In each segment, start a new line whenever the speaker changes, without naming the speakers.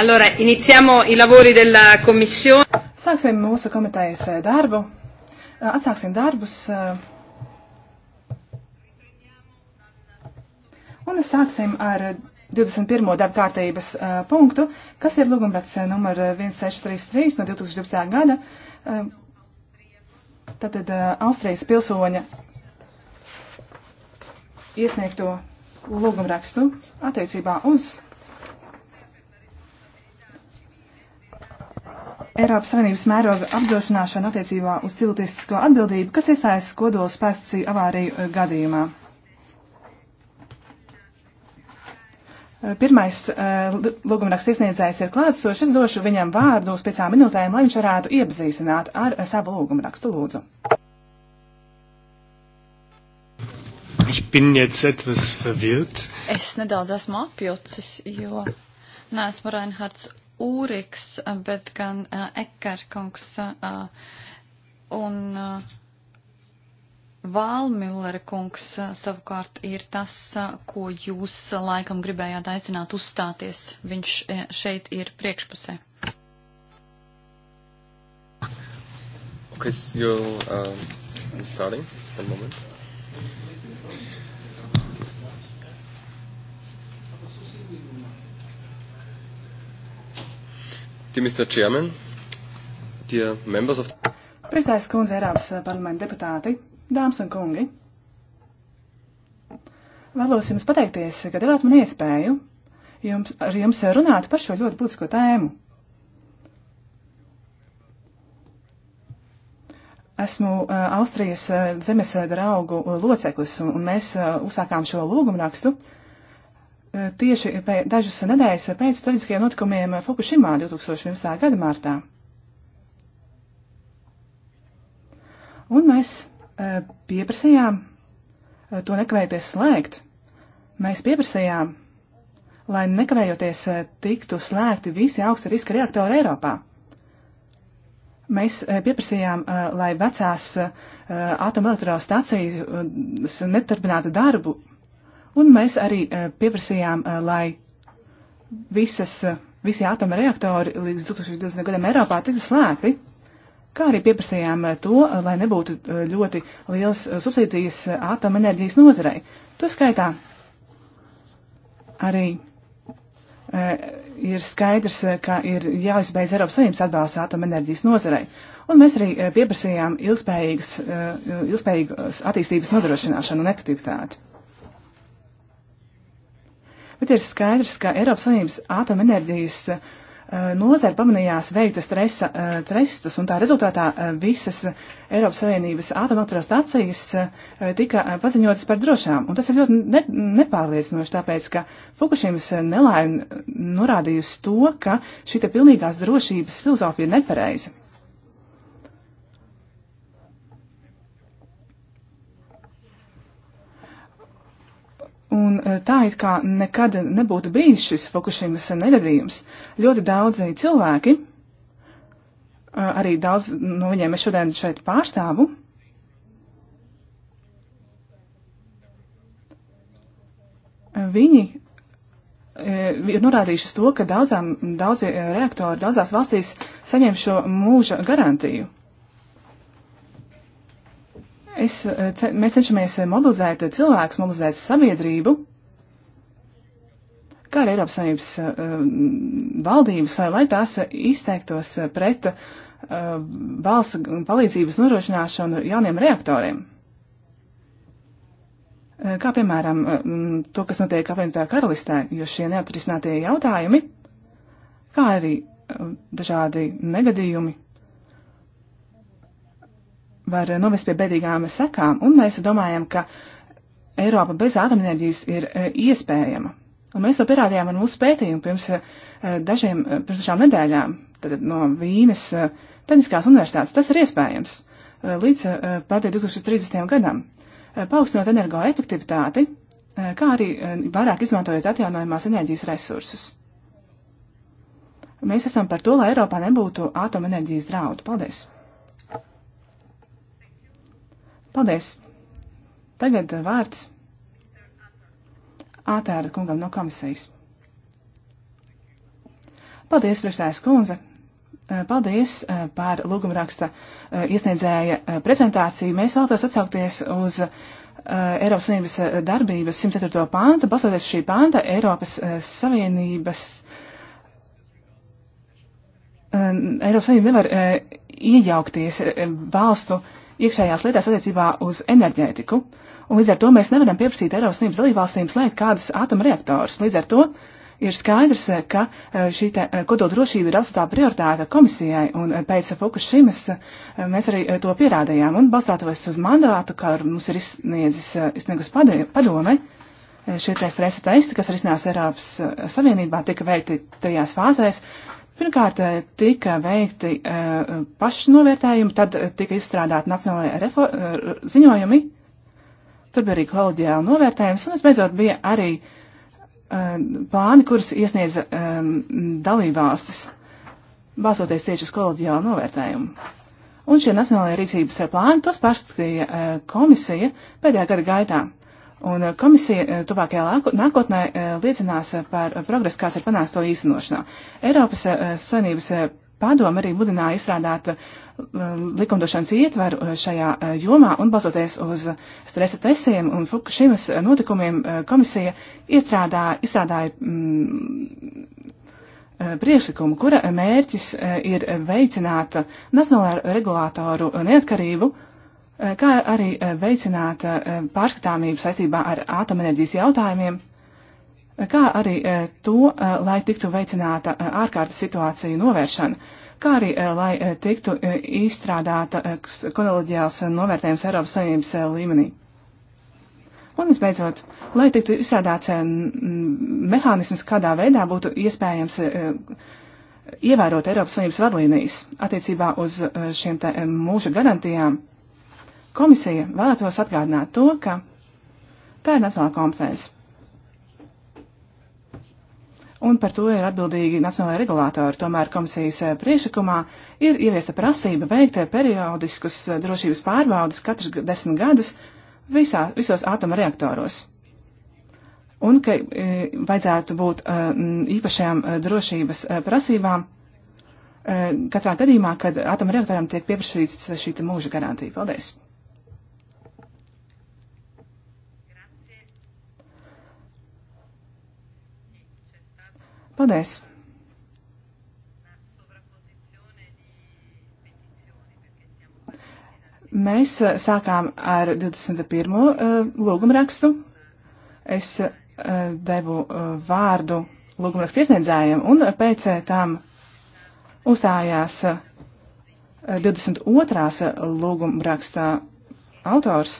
Allora, iniziamo i lavori della
Commissione. Sāksim mūsu komitejas eh, darbu. Eh, atsāksim darbus. Eh, un sāksim ar 21. darba kārtības punktu, kas ir lūgumraksts numur 1633 no 2012. gada. Tātad Austrijas pilsoņa iesniegto lūgumrakstu attiecībā uz Eiropas Savienības mēroga apdrošināšana attiecībā uz cilvēcisko atbildību, kas iestājas kodola spēkstacīju avāriju eh, gadījumā. Eh, pirmais eh, lūgumraksts iesniedzējs ir klātsošs. Es došu viņam vārdu uz piecām minūtēm, lai viņš varētu iepazīstināt ar savu lūgumrakstu lūdzu.
Es nedaudz esmu apjucis, jo neesmu Reinhards Ūriks, bet gan uh, Ekarkungs uh, un uh, Vālmillera kungs uh, savukārt ir tas, uh, ko jūs uh, laikam gribējāt aicināt uzstāties. Viņš uh, šeit ir priekšpusē.
Okay, so you're um, starting for a moment.
Dear Mr. Chairman, dear members of...
Prezidents kundze, Eiropas parlamenta deputāti, dāmas un kungi. Vēlos jums pateikties, ka devāt man iespēju jums, ar jums runāt par šo ļoti būtisko tēmu. Esmu uh, Austrijas uh, zemes draugu uh, loceklis, un, un mēs uh, uzsākām šo lūgumu rakstu uh, Eh, tieši dažas nedēļas pēc traģiskajiem notikumiem Fukushimā 2011. gada martā. Un mēs eh, pieprasījām eh, to nekavējoties slēgt. Mēs pieprasījām, lai nekavējoties tiktu slēgti visi augsta riska reaktori Eiropā. Mēs pieprasījām, lai vecās atomelektrostacijas neturpinātu darbu Un mēs arī e, pieprasījām, e, lai visas, e, visi atoma reaktori līdz 2020. gadam Eiropā tiktu slēgti, kā arī pieprasījām to, lai nebūtu ļoti liels subsīdijas atoma enerģijas nozarei. To skaitā arī ir skaidrs, ka ir jāizbeidz Eiropas Savienības atbalsts atoma enerģijas nozarei. Un mēs arī pieprasījām ilgspējīgas, ilgspējīgas attīstības nodrošināšanu un efektivitāti bet ir skaidrs, ka Eiropas Savienības atomenerģijas eh, nozara pamanījās veikta stresa uh, trestus, un tā rezultātā uh, visas Eiropas Savienības atomatrostacijas uh, tika paziņotas par drošām. Un tas ir ļoti ne nepārliecinoši, tāpēc, ka Fukušīmas nelaime norādījusi to, ka šī pilnīgās drošības filozofija ir nepareiza. tā, it kā nekad nebūtu bijis šis Fukushimas negadījums. Ļoti daudzi cilvēki, arī daudz no viņiem es šodien šeit pārstāvu, viņi e, ir norādījuši to, ka daudzām, daudzi reaktori daudzās valstīs saņem šo mūža garantiju. Es, e, mēs cenšamies mobilizēt cilvēkus, mobilizēt sabiedrību, kā arī Eiropas Savienības uh, valdības, lai, lai tās izteiktos eh, pret uh, valsts palīdzības nodrošināšanu jauniem reaktoriem. Uh, kā piemēram to, kas notiek apvienotā karalistē, jo šie neatrisinātie jautājumi, kā arī dažādi negadījumi var novest pie bēdīgām sekām, un mēs domājam, ka Eiropa bez atomenerģijas ir iespējama. Un mēs to pierādījām ar mūsu pētījumu pirms eh, dažiem, eh, pirms dažām nedēļām, tad no Vīnes eh, Tehniskās universitātes. Tas ir iespējams līdz pat 2030. gadam. Paaugstinot energoefektivitāti, kā arī vairāk izmantojot atjaunojumās enerģijas resursus. Mēs esam par to, lai Eiropā nebūtu atomenerģijas draudu. Paldies! Paldies! Tagad vārds ātēra kungam no komisijas. Paldies, priekšstājas kundze! Eh, paldies eh, par lūgumraksta eh, iesniedzēja prezentāciju. Mēs vēlamies atsaukties uz Eiropas Savienības darbības 104. pānta. Balstoties šī pānta, Eiropas Savienības. Eiropas Savienība nevar iejaukties valstu iekšējās lietās attiecībā uz enerģētiku. Uh, Un līdz ar to mēs nevaram pieprasīt Eiropas Savienības dalībvalstīm slēgt kādus atomreaktorus. Līdz ar to ir skaidrs, eh, ka eh, šī eh, kodoldrošība ir atstā prioritāte komisijai, un pēc Fukushimas mēs arī to pierādījām, un balstātos uz mandātu, kā mums ir izsniedzis, izsniegus padome, šie te stresa testi, kas arī iznās Eiropas Savienībā, tika veikti tajās fāzēs. Pirmkārt, tika veikti pašnovērtējumi, tad tika izstrādāti nacionālajie ziņojumi Tur bija arī kolodiāla novērtējums, un visbeidzot bija arī uh, plāni, kurus iesniedza um, eh, dalībvalstis, balsoties tieši uz kolodiālu novērtējumu. Un šie nacionālajie rīcības plāni tos pārskatīja uh, komisija pēdējā gada gaitā. Un komisija tuvākajā nākotnē liecinās par progresu, kāds ir panāks to īstenošanā. Eiropas Savienības Padoma arī mudināja izstrādāt um, likumdošanas ietvaru uh, šajā uh, jomā un balsoties uz stresa testiem un Fukushimas uh, notikumiem komisija iestrādā, izstrādāja mm, priekšlikumu, kura mērķis ir veicināt nacionālā regulātoru neatkarību, kā arī veicināt pārskatāmību saistībā ar atomenerģijas jautājumiem kā arī e, to, e, lai tiktu veicināta e, ārkārtas situācija novēršana, kā arī lai tiktu izstrādāta koleģiāls novērtējums Eiropas Savienības līmenī. Un visbeidzot, lai tiktu izstrādāts mehānisms, kādā veidā būtu iespējams ievērot Eiropas Savienības vadlīnijas attiecībā uz šiem te mūža garantijām, komisija vēlētos atgādināt to, ka tā ir nacionāla kompetence un par to ir atbildīgi nacionālai regulātori. Tomēr komisijas eh, priešakumā ir ieviesta prasība veikt eh, periodiskus eh, drošības pārbaudas katrs desmit gadus visā, visos atomreaktoros. Un ka vajadzētu būt īpašajām drošības prasībām katrā gadījumā, kad atomreaktoram tiek pieprasīts šī mūža garantija. Paldies! Paldies! Mēs eh, sākām ar 21. Eh, lūgumrakstu. Es eh, devu vārdu lūgumrakstu iesniedzējiem, un pēc tam uzstājās 22. lūgumraksta autors,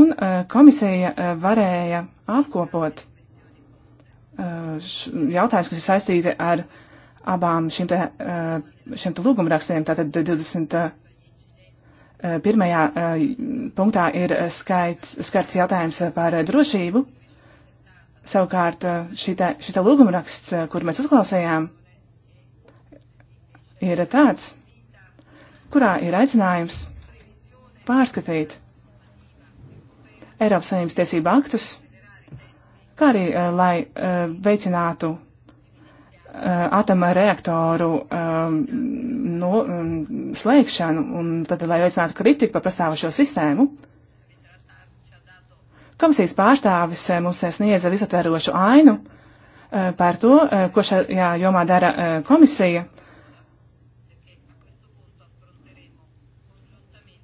un komisija varēja apkopot jautājums, kas ir saistīti ar abām šīm te, eh, šiem te lūgumrakstiem. Tātad 21. Eh, eh, punktā ir skaits, skarts jautājums par drošību. Savukārt šita, šita lūgumraksts, kur mēs uzklausījām, ir tāds, kurā ir aicinājums pārskatīt Eiropas Savienības tiesību aktus kā arī, eh, lai eh, veicinātu eh, atoma reaktoru um, no, um, slēgšanu un tad, lai veicinātu kritiku par pastāvošo sistēmu. Komisijas pārstāvis mums sniedza visatverošu ainu uh, par to, uh, ko šajā jomā dara uh, komisija,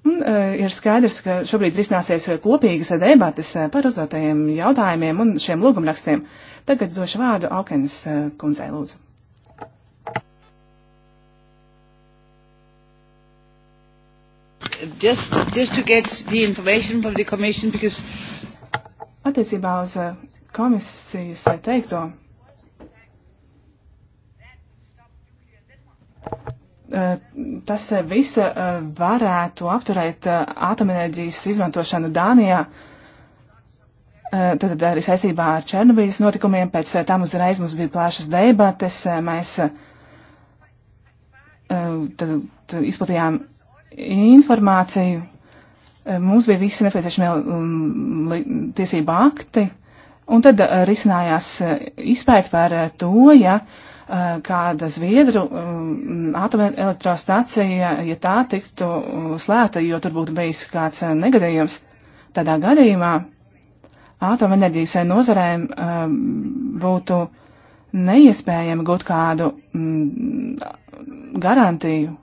Un, uh, ir skaidrs, ka šobrīd risināsies kopīgas debates e, par uzdotajiem jautājumiem un šiem lūgumrakstiem. Tagad došu vārdu Aukenas uh, e, kundzei, lūdzu. Just, just to get the information from the commission, because... Attiecībā uz uh, komisijas teikto. Eh, tas eh, viss eh, varētu apturēt atomenerģijas izmantošanu Dānijā. Tad arī saistībā ar Černobiļas notikumiem pēc tam uzreiz mums bija plāšas debates. Mēs tad, tad izplatījām informāciju. Mums bija visi nepieciešamie mm, tiesība akti. Un tad risinājās izpēt par to, ja uh, Eh, kāda Zviedru mm, atomelektrostacija, ja tā tiktu slēgta, jo tur būtu bijis kāds eh, negadījums, tādā gadījumā atomenerģijas nozarēm eh, būtu neiespējami gūt kādu mm, garantiju.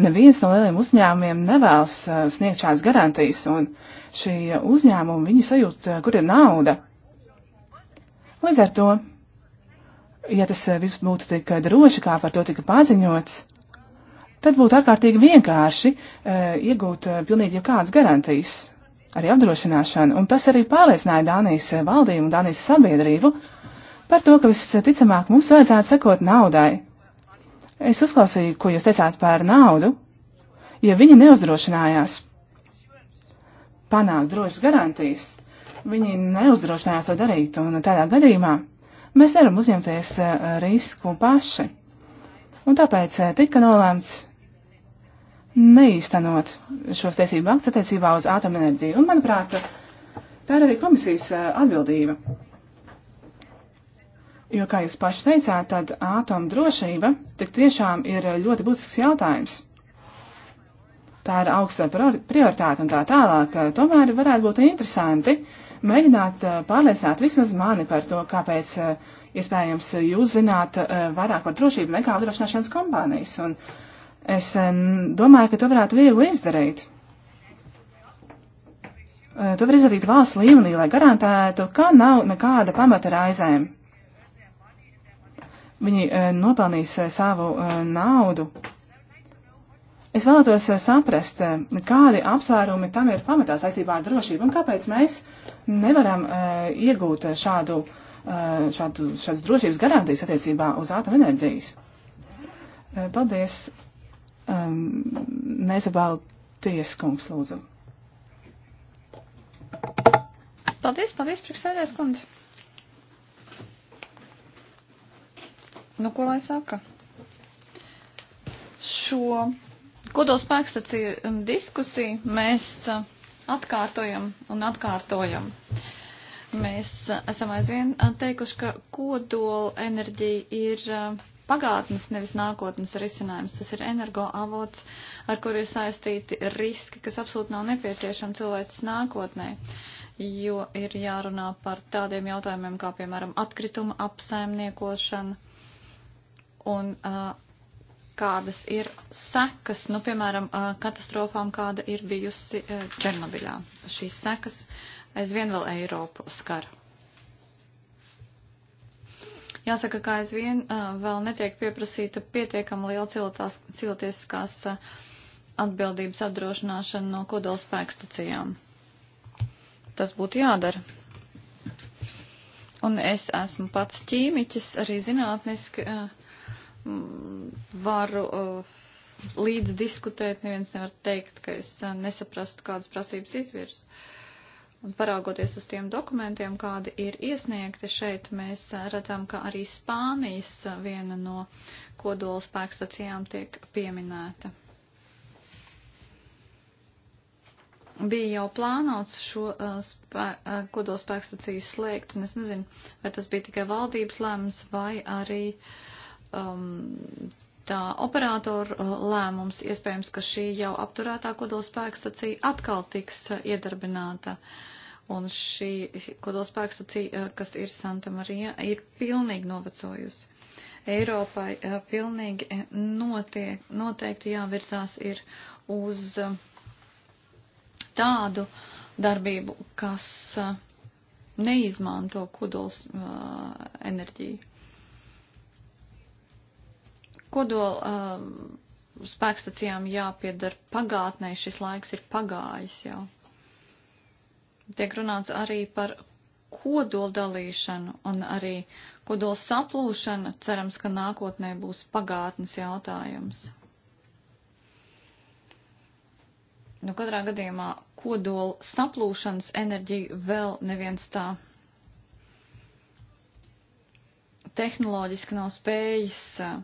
Neviens no lieliem uzņēmumiem nevēlas sniegt šādas garantijas, un šie uzņēmumi, viņi sajūt, kur ir nauda. Līdz ar to ja tas eh, viss būtu tik eh, droši, kā par to tika paziņots, tad būtu ārkārtīgi vienkārši eh, iegūt pilnīgi jau kādas garantijas, arī apdrošināšanu, un tas arī pārliecināja Dānijas valdību un Dānijas sabiedrību par to, ka visticamāk mums vajadzētu sekot naudai. Es uzklausīju, ko jūs teicāt par naudu, ja viņi neuzdrošinājās panākt drošas garantijas, viņi neuzdrošinājās to darīt, un tādā gadījumā Mēs nevaram uzņemties eh, risku paši. Un tāpēc eh, tika nolēmts neīstenot šos tiesību aktus attiecībā uz ātomenerģiju. Un, manuprāt, tā ir arī komisijas eh, atbildība. Jo, kā jūs paši teicāt, tad ātoma drošība tik tiešām ir ļoti būtisks jautājums. Tā ir augsta prioritāte un tā tālāk. Tomēr varētu būt interesanti uh, mēģināt pārliecināt vismaz mani par to, kāpēc iespējams jūs zināt vairāk par drošību nekā apdrošināšanas kompānijas. Un es domāju, ka to varētu viegli izdarīt. To var izdarīt valsts līmenī, lai garantētu, ka nav nekāda pamata raizēm. Viņi nopelnīs savu naudu Es vēlētos eh, saprast, eh, kādi apsvērumi tam ir pamatā saistībā ar drošību un kāpēc mēs nevaram uh, iegūt šādu, uh, šādu, šādas drošības garantijas attiecībā uz atomenerģijas. Uh, paldies, um, ehm, Nezabāla Tieskungs, lūdzu.
Paldies, paldies, priekšsēdēs kundze. Nu, ko lai saka? Šo Kodolspēks taču um, diskusija mēs uh, atkārtojam un atkārtojam. Mēs uh, esam aizvien uh, teikuši, ka kodola enerģija ir pagātnes, nevis nākotnes risinājums. Tas ir energoavots, ar kur ir saistīti riski, kas absolūti nav nepieciešami cilvēks nākotnē, jo ir jārunā par tādiem jautājumiem kā, piemēram, atkrituma apsaimniekošana un uh, kādas ir sekas, nu, piemēram, katastrofām, kāda ir bijusi Černobiļā. Šīs sekas aizvien vēl Eiropu skar. Jāsaka, ka aizvien vēl netiek pieprasīta pietiekama liela cilvēciskās atbildības apdrošināšana no kodolspēku stacijām. Tas būtu jādara. Un es esmu pats ķīmiķis, arī zinātniski. Uh, Mm, varu uh, līdz diskutēt, neviens nevar teikt, ka es uh, nesaprastu, kādas prasības izvirs. Un paraugoties uz tiem dokumentiem, kādi ir iesniegti šeit, mēs uh, redzam, ka arī Spānijas uh, viena no kodola spēkstacijām tiek pieminēta. bija jau plānots šo uh, spē, uh, kodolspēkstaciju slēgt, un es nezinu, vai tas bija tikai valdības lēmums, vai arī um, tā operātora uh, lēmums, iespējams, ka šī jau apturētā kodolspēkstacija atkal tiks uh, iedarbināta. Un šī kodolspēkstacija, uh, kas ir Santa Marija, ir pilnīgi novecojusi. Eiropai pilnīgi notiek, noteikti jāvirzās ir uz tādu darbību, kas neizmanto kodols enerģiju. Kodola uh, um, spēkstacijām jāpiedara pagātnē, šis laiks ir pagājis jau. Tiek runāts arī par kodola dalīšanu un arī kodola saplūšana, cerams, ka nākotnē būs pagātnes jautājums. Nu, katrā gadījumā kodola saplūšanas enerģiju vēl neviens tā tehnoloģiski nav spējis uh,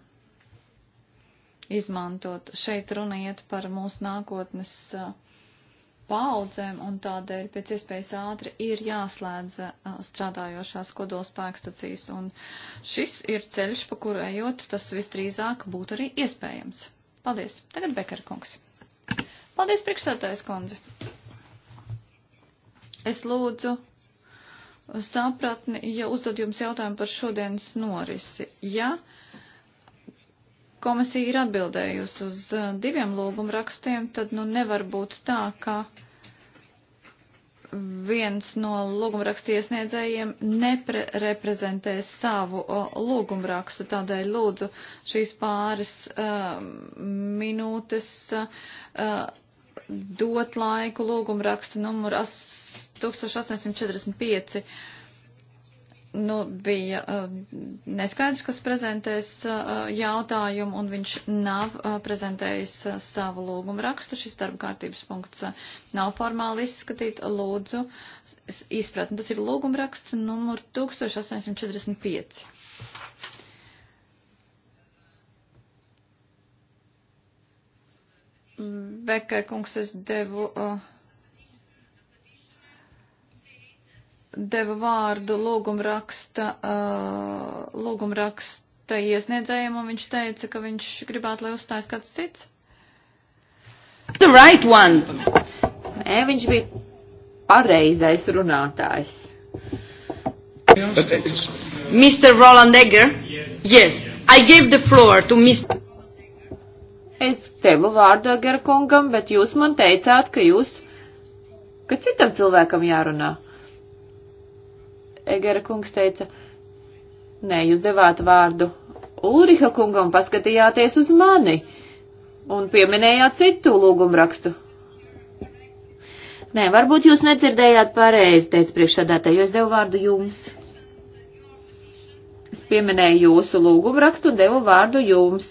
izmantot. Šeit runiet par mūsu nākotnes paudzēm un tādēļ pēc iespējas ātri ir jāslēdz strādājošās kodolspēkstacijas. Un šis ir ceļš, pa kuru ejot, tas visdrīzāk būtu arī iespējams. Paldies. Tagad Bekara kungs. Paldies, priekšsētājs kundze. Es lūdzu sapratni, ja uzdod jums jautājumu par šodienas norisi. Ja komisija ir atbildējusi uz uh, diviem lūgumu rakstiem, tad nu nevar būt tā, ka viens no lūgumrakstu iesniedzējiem nereprezentē savu uh, lūgumrakstu. Tādēļ lūdzu šīs pāris uh, minūtes uh, dot laiku lūgumrakstu numuru 1845 nu, bija uh, neskaidrs, kas prezentēs uh, jautājumu, un viņš nav uh, prezentējis uh, savu lūgumu rakstu. Šis darba kārtības punkts uh, nav formāli izskatīt. Lūdzu, izpratni, tas ir lūgumu raksts numur 1845. Mm, Bekar kungs, es devu. Uh, deva vārdu lūgumraksta, uh, lūgumraksta iesniedzējiem, un viņš teica, ka viņš gribētu, lai uzstājas kāds cits.
The right one! Nē, viņš bija pareizais runātājs. Mr. Roland Egger? Yes. yes. I gave the floor to Mr. Es tevu vārdu Egger kungam, bet jūs man teicāt, ka jūs, ka citam cilvēkam jārunā. Egera kungs teica, nē, jūs devāt vārdu Ulriha kungam, paskatījāties uz mani un pieminējāt citu lūgumrakstu. Nē, varbūt jūs nedzirdējāt pareizi, teica priekšsādātāji, jo es devu vārdu jums. Es pieminēju jūsu lūgumrakstu un devu vārdu jums.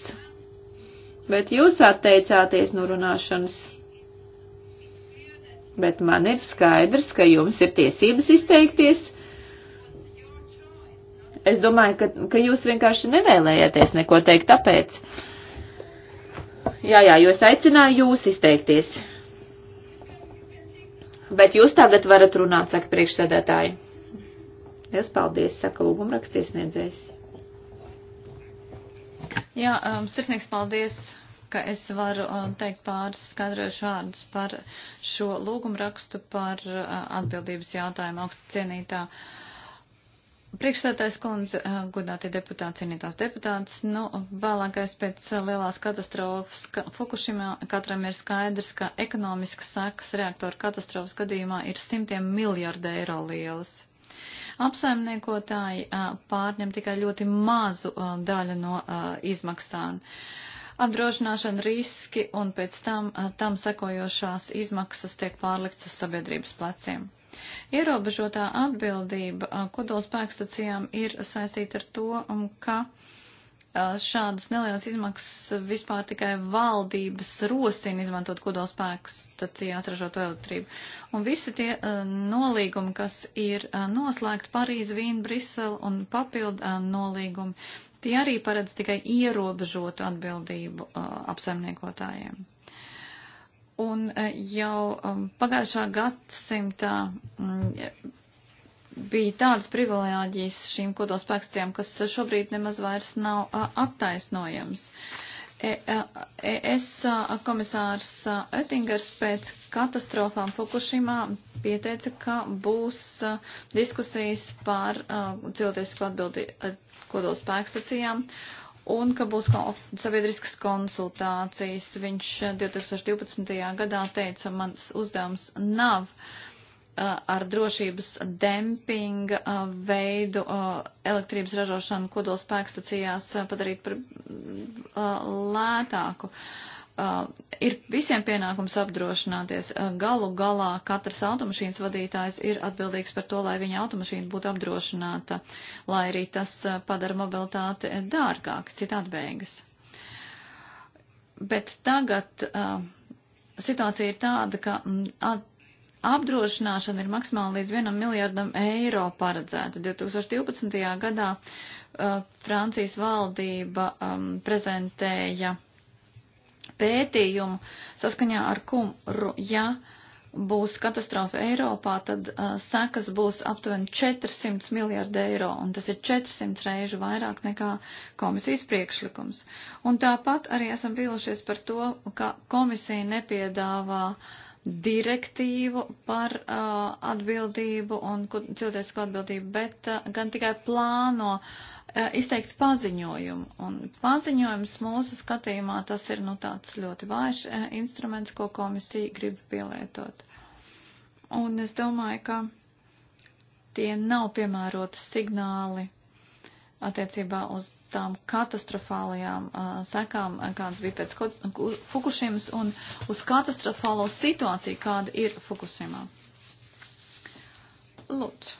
Bet jūs atteicāties no runāšanas. Bet man ir skaidrs, ka jums ir tiesības izteikties es domāju, ka, ka jūs vienkārši nevēlējāties neko teikt, tāpēc. Jā, jā, jo es aicināju jūs izteikties. Bet jūs tagad varat runāt, saka priekšsēdētāji. Es paldies, saka lūgumrakstiesniedzējs. Jā,
um, sirsnīgs paldies, ka es varu um, teikt pāris skaidrojuši vārdus par šo lūgumrakstu par uh, atbildības jautājumu augstu cienītā uh, Priekšstādājs kundze, eh, godātie deputāti, cienītās deputātas, nu, vēlākais pēc eh, lielās katastrofas ka Fukushimā katram ir skaidrs, ka ekonomiskas sekas reaktoru katastrofas gadījumā ir simtiem miljardu eiro lielas. Apsaimniekotāji eh, pārņem tikai ļoti mazu daļu no izmaksām. Apdrošināšana riski un pēc tam tam sekojošās izmaksas tiek pārlikts uz sabiedrības pleciem. Ierobežotā atbildība kodolspēkstacijām ir saistīta ar to, um, ka šādas nelielas izmaksas vispār tikai valdības rosina izmantot kodolspēkus stacijās ražoto elektrību. Un visi tie uh, nolīgumi, kas ir uh, noslēgti Parīz, Vīna, Brisele un papildu uh, nolīgumi, tie arī paredz tikai ierobežotu atbildību apsaimniekotājiem. Un e, jau um, pagājušā gadsimtā mm, bija tādas privilēģijas šīm kodolspēkstiem, kas šobrīd nemaz vairs nav attaisnojams. E, e, ES komisārs Oettingers pēc katastrofām Fukushimā pieteica, ka būs diskusijas par cilvēcisku atbildi kodolspēkstacijām un ka būs sabiedriskas konsultācijas. Viņš 2012. Eh, gadā teica, mans uzdevums nav eh, ar drošības dempinga eh, veidu elektrības ražošanu kodolspēkstacijās padarīt par mm, lētāku. Uh, Uh, ir visiem pienākums apdrošināties. Uh, galu galā katrs automašīnas vadītājs ir atbildīgs par to, lai viņa automašīna būtu apdrošināta, lai arī tas uh, padara mobilitāti dārgāk, citādi beigas. Bet tagad uh, situācija ir tāda, ka mm, apdrošināšana ir maksimāli līdz 1 miljardam eiro paredzēta. 2012. gadā uh, Francijas valdība um, prezentēja pētījumu, saskaņā ar kuru, ja būs katastrofa Eiropā, tad uh, sekas būs aptuveni 400 miljārdi eiro, un tas ir 400 reižu vairāk nekā komisijas priekšlikums. Un tāpat arī esam vīlušies par to, ka komisija nepiedāvā direktīvu par uh, atbildību un cilvēcisku atbildību, bet uh, gan tikai plāno uh, Eh, izteikt paziņojumu. Un paziņojums mūsu skatījumā tas ir nu, tāds ļoti vājš eh, instruments, ko komisija grib pielietot. Un es domāju, ka tie nav piemēroti signāli attiecībā uz tām katastrofālajām uh, sekām, kādas bija pēc Fukushimas un uz katastrofālo situāciju, kāda ir Fukushimā.
Lūdzu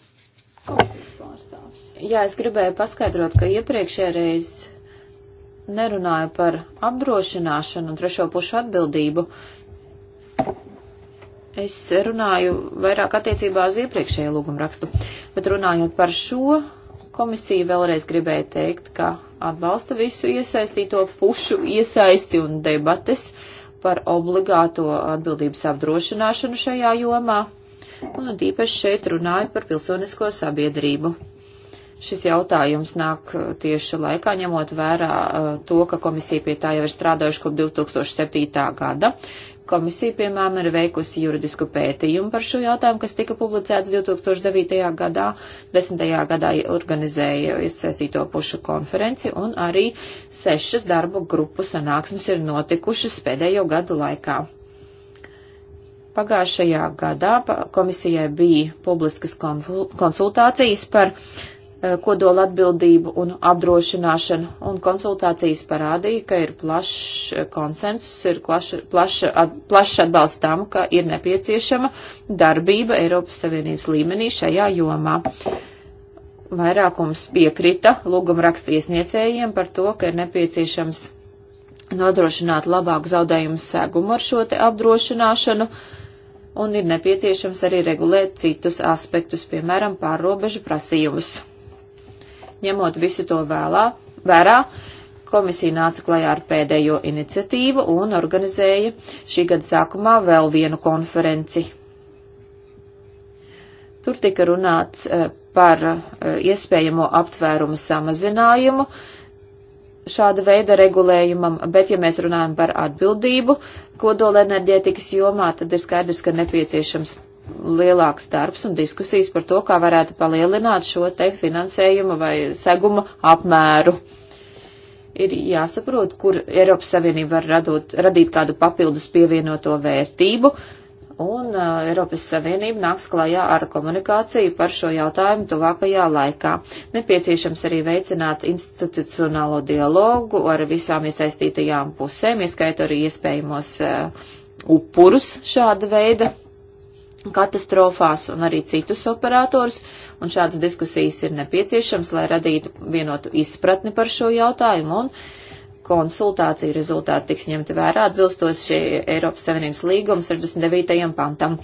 komisijas pārstāvs. Jā, es gribēju paskaidrot, ka iepriekšējā reizē nerunāju par apdrošināšanu un trešo pušu atbildību. Es runāju vairāk attiecībā uz iepriekšējo lūgumu rakstu, bet runājot par šo komisiju, vēlreiz gribēju teikt, ka atbalsta visu iesaistīto pušu iesaisti un debates par obligāto atbildības apdrošināšanu šajā jomā un tīpaši šeit runāju par pilsonisko sabiedrību. Šis jautājums nāk uh, tieši laikā, ņemot vērā uh, to, ka komisija pie tā jau ir strādājuši kopš 2007. gada. Komisija, piemēram, ir veikusi juridisku pētījumu par šo jautājumu, kas tika publicēts 2009. gadā. 10. gadā organizēja iesaistīto pušu konferenci un arī sešas darbu grupu sanāksmes ir notikušas pēdējo gadu laikā. Pagājušajā gadā komisijai bija publiskas konsultācijas par eh, kodola atbildību un apdrošināšanu, un konsultācijas parādīja, ka ir plašs eh, konsensus, ir plaša, plaša, at, plašs atbalsts tam, ka ir nepieciešama darbība Eiropas Savienības līmenī šajā jomā. Vairākums piekrita lūguma raksta iesniecējiem par to, ka ir nepieciešams nodrošināt labāku zaudējumu segumu ar šo te apdrošināšanu. Uh, un ir nepieciešams arī regulēt citus aspektus, piemēram, pārrobežu prasījumus. Ņemot visu to vēlā, vērā, komisija nāca klajā ar pēdējo iniciatīvu un organizēja šī gada sākumā vēl vienu konferenci. Tur tika runāts eh, par eh, iespējamo aptvērumu samazinājumu, uh, šāda veida regulējumam, bet ja mēs runājam par atbildību kodola enerģētikas jomā, tad ir skaidrs, ka nepieciešams lielāks darbs un diskusijas par to, kā varētu palielināt šo te finansējumu vai seguma apmēru. Ir jāsaprot, kur Eiropas Savienība var radot, radīt kādu papildus pievienoto vērtību, uh, un uh, Eiropas Savienība nāks klajā ar komunikāciju par šo jautājumu tuvākajā laikā. Nepieciešams arī veicināt institucionālo dialogu ar visām iesaistītajām pusēm, ieskaitot arī iespējamos uh, upurus šāda veida katastrofās un arī citus operatorus, un šādas diskusijas ir nepieciešams, lai radītu vienotu izpratni par šo jautājumu un uh, konsultāciju rezultāti tiks ņemti vērā atbilstoši šie Eiropas Savienības līguma 69. pantam.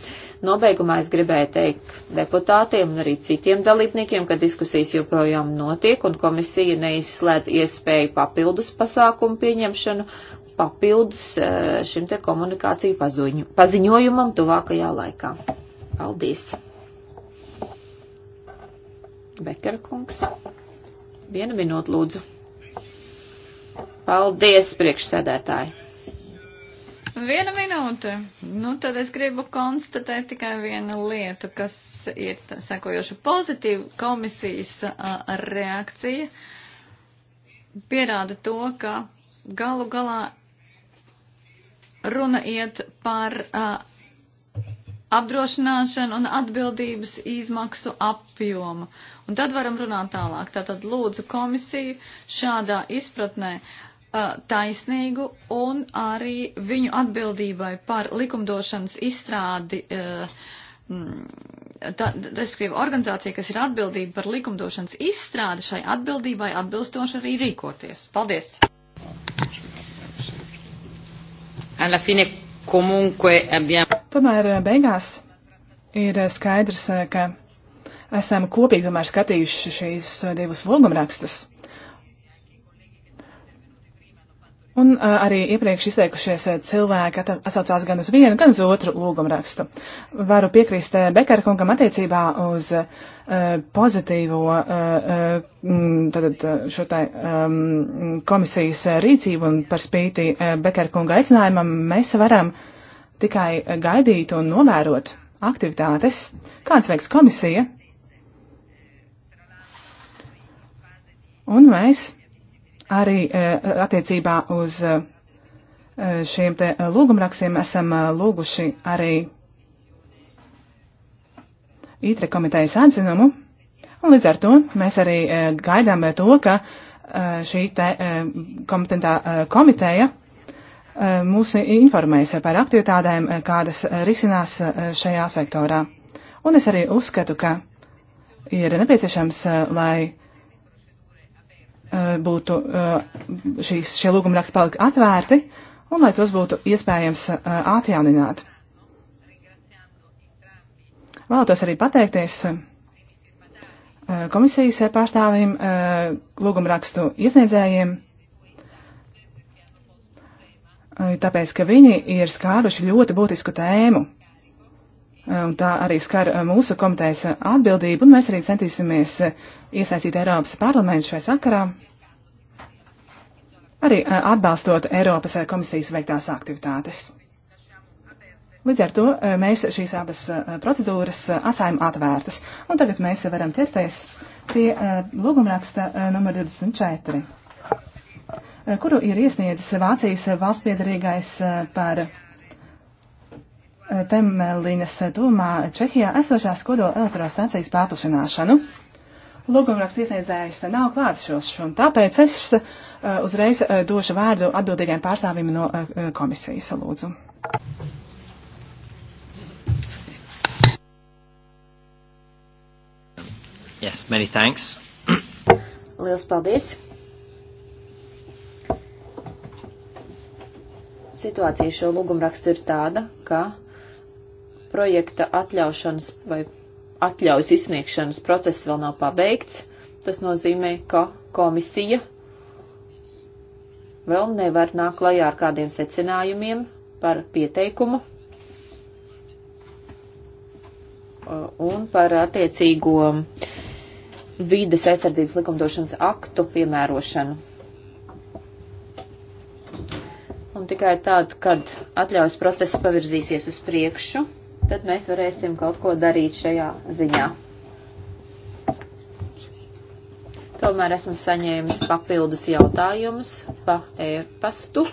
Nobeigumā es gribēju teikt deputātiem un arī citiem dalībniekiem, ka diskusijas joprojām notiek un komisija neizslēdz iespēju papildus pasākumu pieņemšanu papildus eh, šim te komunikāciju paziņu, paziņojumam tuvākajā laikā. Paldies! Bekara kungs, viena minūte lūdzu. Paldies, priekšsēdētāji!
Viena minūte. Nu, tad es gribu konstatēt tikai vienu lietu, kas ir sekojoša pozitīva komisijas a, reakcija. Pierāda to, ka galu galā runa iet par a, apdrošināšanu un atbildības izmaksu apjomu. Un tad varam runāt tālāk. Tātad lūdzu komisiju šādā izpratnē taisnīgu un arī viņu atbildībai par likumdošanas izstrādi, mm, tā, respektīvi organizācija, kas ir atbildība par
likumdošanas
izstrādi, šai atbildībai atbilstoši arī rīkoties. Paldies!
Alla fine comunque abbiamo. Tomēr
beigās ir skaidrs, ka esam kopīgi tomēr skatījuši šīs divas lūgumrakstus. Un uh, arī iepriekš izteikušies cilvēki atsaucās gan uz vienu, gan uz otru lūgumrakstu. Varu piekrist Bekara kungam attiecībā uz uh, pozitīvo uh, tātad, šo tai um, komisijas rīcību un par spīti uh, Bekara kunga aicinājumam mēs varam tikai gaidīt un novērot aktivitātes, kāds veiks komisija. Un mēs Arī e, attiecībā uz e, šiem te lūgumrakstiem esam e, lūguši arī ITRE komitejas atzinumu, un līdz ar to mēs arī gaidām to, ka šī te kompetentā komiteja mūs informēs par aktivitātēm, kādas risinās šajā sektorā. Un es arī uzskatu, ka ir nepieciešams, lai Eh, būtu eh, šīs, šie lūgumraksti palikt atvērti un lai tos būtu iespējams eh, atjaunināt. Vēlētos arī pateikties komisijas pārstāvim, lūgumrakstu iesniedzējiem, tāpēc, ka viņi ir skāruši ļoti būtisku tēmu. Un tā arī skar eh, mūsu komitejas atbildību, un mēs arī centīsimies eh, iesaistīt Eiropas parlamentu šai sakarā, arī eh, atbalstot Eiropas komisijas veiktās aktivitātes. Līdz ar to mēs šīs abas procedūras atstājam atvērtas, un tagad mēs varam ķerties pie lūgumraksta numur 24, kuru ir iesniedzis Vācijas valstspiedarīgais par Temelīnas tūmā Čehijā esošās kodola elektrostācijas paplašināšanu. Lūgumraksts iesniedzējs nav klāts šos, un tāpēc es uh, uzreiz uh, došu vārdu atbildīgajiem pārstāvjiem no uh, komisijas. Lūdzu.
Yes, many thanks. Liels paldies. Situācija šo lūgumrakstu ir tāda, ka projekta atļaušanas vai atļaujas izsniegšanas process vēl nav pabeigts. Tas nozīmē, ka komisija vēl nevar nākt klajā ar kādiem secinājumiem par pieteikumu un par attiecīgo vīdes aizsardzības likumdošanas aktu piemērošanu. Un tikai tad, kad atļaujas process pavirzīsies uz priekšu, tad mēs varēsim kaut ko darīt šajā ziņā. Tomēr esmu saņēmis papildus jautājumus pa e-pastu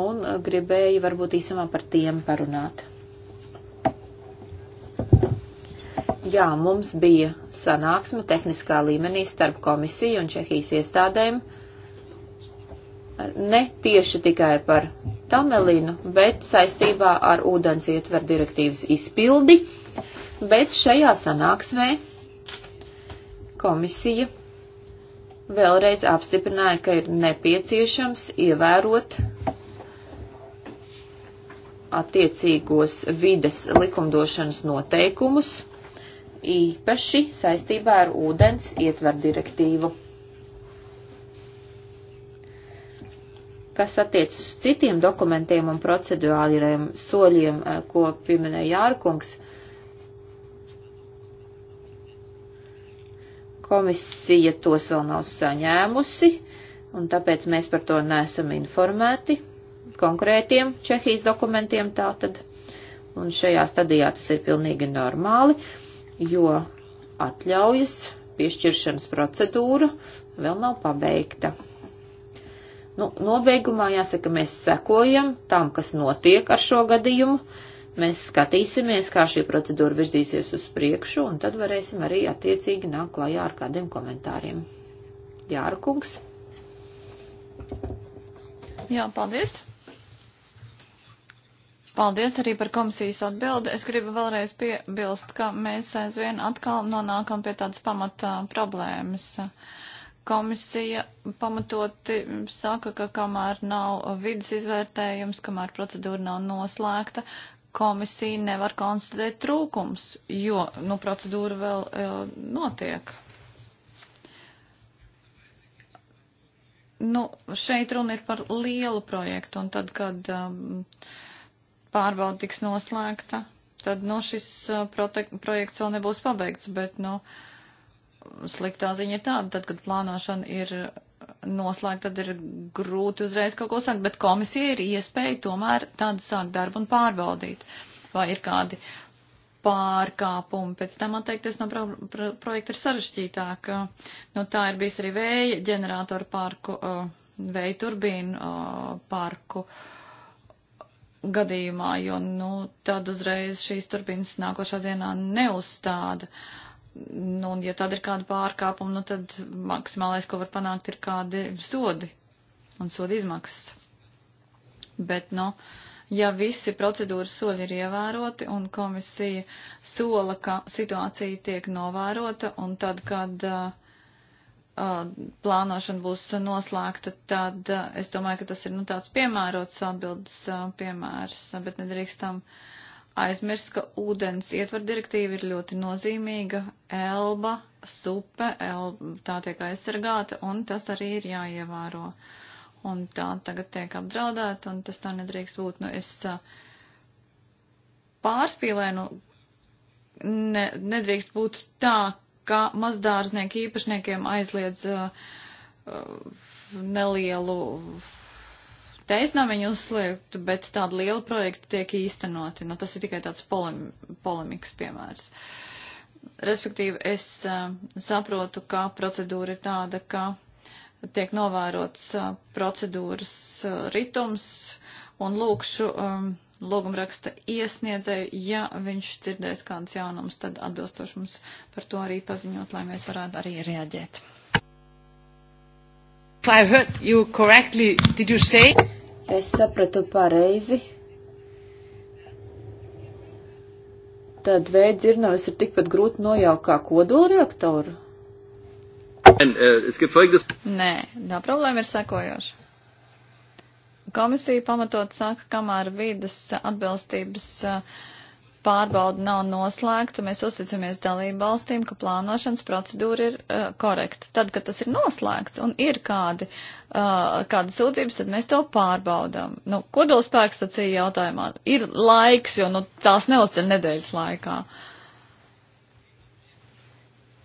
un gribēju varbūt īsumā par tiem parunāt. Jā, mums bija sanāksme tehniskā līmenī starp komisiju un Čehijas iestādēm. Ne tieši tikai par Tamelinu, bet saistībā ar ūdens ietver direktīvas izpildi, bet šajā sanāksmē komisija vēlreiz apstiprināja, ka ir nepieciešams ievērot attiecīgos vides likumdošanas noteikumus, īpaši saistībā ar ūdens ietver direktīvu. kas attiec uz citiem dokumentiem un procedurāliem soļiem, eh, ko pieminēja Jārkungs. Komisija tos vēl nav saņēmusi, un tāpēc mēs par to neesam informēti konkrētiem Čehijas dokumentiem tātad. Un šajā stadijā tas ir pilnīgi normāli, jo atļaujas piešķiršanas procedūra vēl nav pabeigta. Nu, nobeigumā jāsaka, mēs sekojam tam, kas notiek ar šo gadījumu. Mēs skatīsimies, kā šī procedūra virzīsies uz priekšu, un tad varēsim arī attiecīgi nākt klajā ar kādiem komentāriem. Jārkungs. Jā, paldies. Paldies arī par komisijas atbildi.
Es gribu vēlreiz piebilst, ka mēs aizvien atkal nonākam pie tādas pamata problēmas. Uh, Komisija pamatoti saka, ka kamēr nav vidas izvērtējums, kamēr procedūra nav noslēgta, komisija nevar konstatēt trūkums, jo nu, procedūra vēl uh, notiek. Nu, šeit runa ir par lielu projektu, un tad, kad um, pārbauda tiks noslēgta, tad nu, šis uh, projekts vēl nebūs pabeigts, bet nu, uh, sliktā ziņa ir tāda, tad, kad plānošana ir noslēgta, tad ir grūti uzreiz kaut ko sākt, bet komisija ir iespēja tomēr tādu sākt darbu un pārbaudīt, vai ir kādi pārkāpumi. Pēc tam atteikties no pro pro projekta ir sarežģītāk. Nu, tā ir bijis arī vēja ģeneratoru parku, uh, vēja turbīnu uh, parku gadījumā, jo nu, tad uzreiz šīs turbīnas nākošā dienā neuzstāda. Uh, Nu, un ja tad ir kāda pārkāpuma, nu tad maksimālais, ko var panākt, ir kādi sodi un soda izmaksas. Bet, nu, ja visi procedūras soļi ir ievēroti un komisija sola, ka situācija tiek novērota un tad, kad uh, uh plānošana būs noslēgta, tad uh, es domāju, ka tas ir, nu, tāds piemērots atbildes uh, piemērs, bet nedrīkstam. Uh, aizmirst, ka ūdens ietvar direktīva ir ļoti nozīmīga. Elba, supe, el, tā tiek aizsargāta, un tas arī ir jāievēro. Un tā tagad tiek apdraudēta, un tas tā nedrīkst būt. Nu, es pārspīlēju, nu, ne, nedrīkst būt tā, ka mazdārznieku īpašniekiem aizliedz uh, nelielu Te es nav viņu uzsliektu, bet tādi lieli projekti tiek īstenoti. Nu, tas ir tikai tāds polem, polemikas piemērs. Respektīvi, es uh, saprotu, ka procedūra ir tāda, ka tiek novērots uh, procedūras uh, ritums un lūkšu. Um, ehm, logumraksta iesniedzēju, ja viņš dzirdēs kādas jaunumas, tad atbilstoši mums par to arī paziņot, lai mēs varētu arī
reaģēt. Say es sapratu pareizi, tad veidzirnavis ir tikpat grūti nojaukt kā kodolreaktoru? E, Nē, tā problēma ir sekojoša.
Komisija pamatot saka, kamēr vidas atbilstības uh, pārbauda nav noslēgta, mēs uzticamies dalību valstīm, ka plānošanas procedūra ir uh, korekta. Tad, kad tas ir noslēgts un ir kādi, uh, eh, kāda sūdzības, tad mēs to pārbaudām. Nu, kodolspēks sacīja jautājumā, ir laiks, jo nu, tās neuzceļ nedēļas laikā.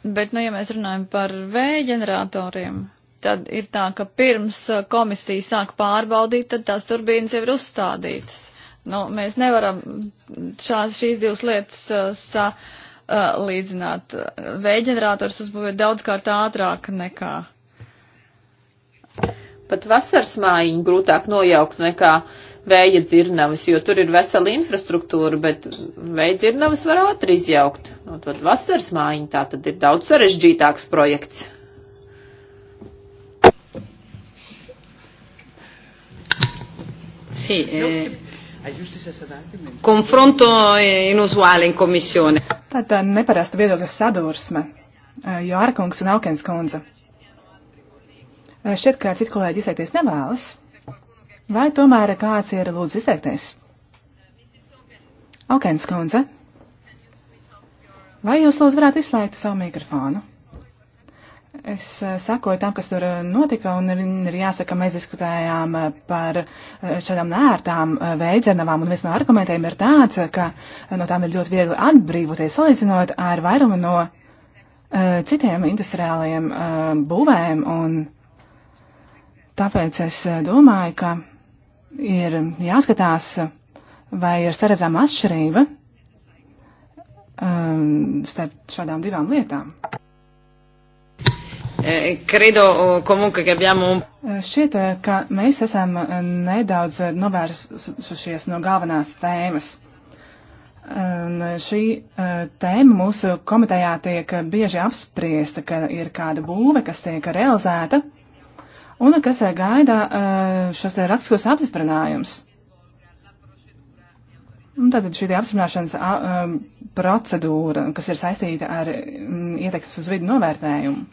Bet, nu, ja mēs runājam par vēja ģeneratoriem, tad ir tā, ka pirms eh, komisija sāk pārbaudīt, tad tās turbīnas jau ir uzstādītas. Nu, mēs nevaram šās, šīs divas lietas uh, sa, uh, līdzināt. Vējģenerators uzbūvē daudzkārt ātrāk nekā.
Pat vasaras mājiņu grūtāk nojaukt nekā vēja dzirnavas, jo tur ir vesela infrastruktūra, bet vēja dzirnavas var ātri izjaukt. Un nu, no tad vasaras mājiņa tā tad ir daudz sarežģītāks projekts. Sí, eh, Konfronto
inusuāli
in komisione. Tā
tā eh, neparasta viedokļa sadursme, eh, jo Arkungs un Aukens kundze. Eh, šķiet, ka citi kolēģi izteikties nevēlas. Vai tomēr kāds ir lūdzu izteikties? Aukens kundze, vai jūs lūdzu varētu izslēgt savu mikrofonu? Es eh, sakoju tam, kas tur eh, notika, un ir, ir jāsaka, mēs diskutējām eh, par šādām nērtām veidzernavām, un viens no argumentiem ir tāds, ka no tām ir ļoti viegli atbrīvoties, salīdzinot ar vairumu no citiem industriāliem būvēm, un tāpēc es domāju, ka ir jāskatās, vai ir saredzama atšķirība starp šādām divām lietām.
Eh, credo eh, comunque che abbiamo un...
Eh, šķiet, eh, ka mēs esam nedaudz novērsušies no galvenās tēmas. Un šī tēma mūsu komitejā tiek bieži apspriesta, ka ir kāda būve, kas tiek realizēta un kas gaida šos rakstiskos apstiprinājumus. Tātad šī apstiprināšanas procedūra, kas ir saistīta ar mm, ietekmes uz vidu novērtējumu.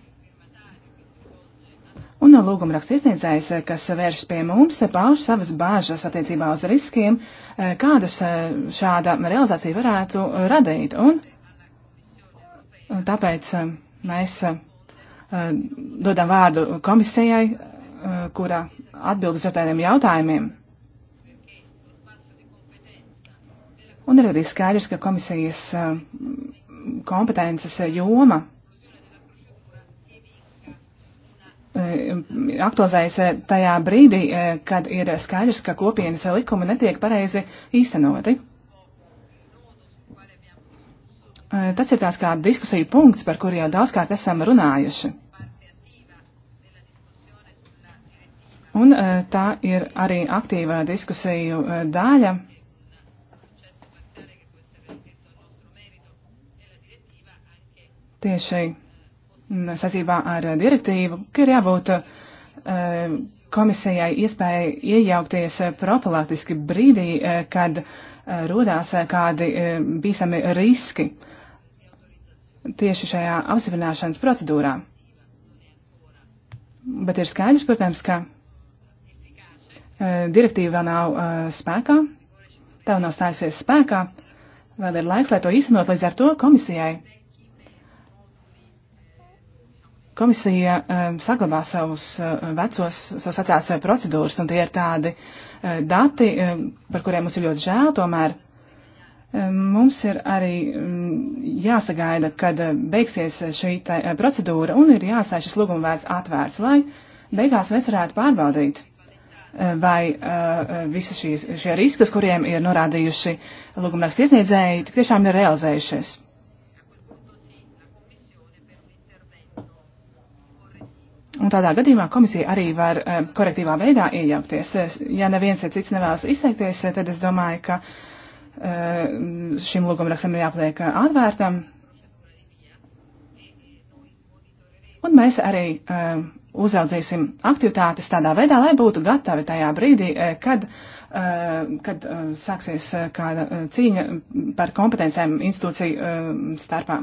Un lūguma raksta iesniedzējs, eh, kas vēršas pie mums, eh, pauž savas bāžas attiecībā uz riskiem, eh, kādas šāda realizācija varētu radīt. Un tāpēc mēs dodam vārdu komisijai, kurā atbildes ar tādiem jautājumiem. Un ir arī skaidrs, ka komisijas kompetences joma aktualizējas eh, tajā brīdī, eh, kad ir skaidrs, ka kopienas likumi netiek pareizi īstenoti. Eh, tas ir tās kā diskusija punkts, par kuru jau daudzkārt esam runājuši. Un tā ir arī aktīvā diskusiju daļa. Tieši mm, saistībā ar direktīvu, ka ir jābūt uh, Eh, komisijai iespēja iejaukties profilaktiski brīdī, eh, kad eh, rodās kādi bīstami riski tieši šajā apstiprināšanas procedūrā. Bet ir skaidrs, protams, ka direktīva vēl nav spēkā, tā nav stājusies spēkā, vēl ir laiks, lai to īstenot līdz ar to komisijai Komisija eh, saglabā savus eh, vecos, savus vecās eh, procedūras, un tie ir tādi dati, par kuriem mums ir ļoti žēl, tomēr mums ir arī mm, jāsagaida, kad beigsies šī procedūra, un ir jāstāj šis lūgumvērts atvērts, lai beigās mēs varētu pārbaudīt, vai uh, visi šīs, šie riski, uz kuriem ir norādījuši lūgumraksta iesniedzēji, tiešām ir realizējušies. Un tādā gadījumā komisija arī var eh, korektīvā veidā iejaukties. Eh, ja neviens cits nevēlas izteikties, eh, tad es domāju, ka šim lūgumrakstam ir jāpliek atvērtam. Un mēs arī uzraudzīsim aktivitātes tādā veidā, lai būtu gatavi tajā brīdī, kad uh, Eh, kad eh, sāksies eh, kāda cīņa par kompetencēm institūciju starpā.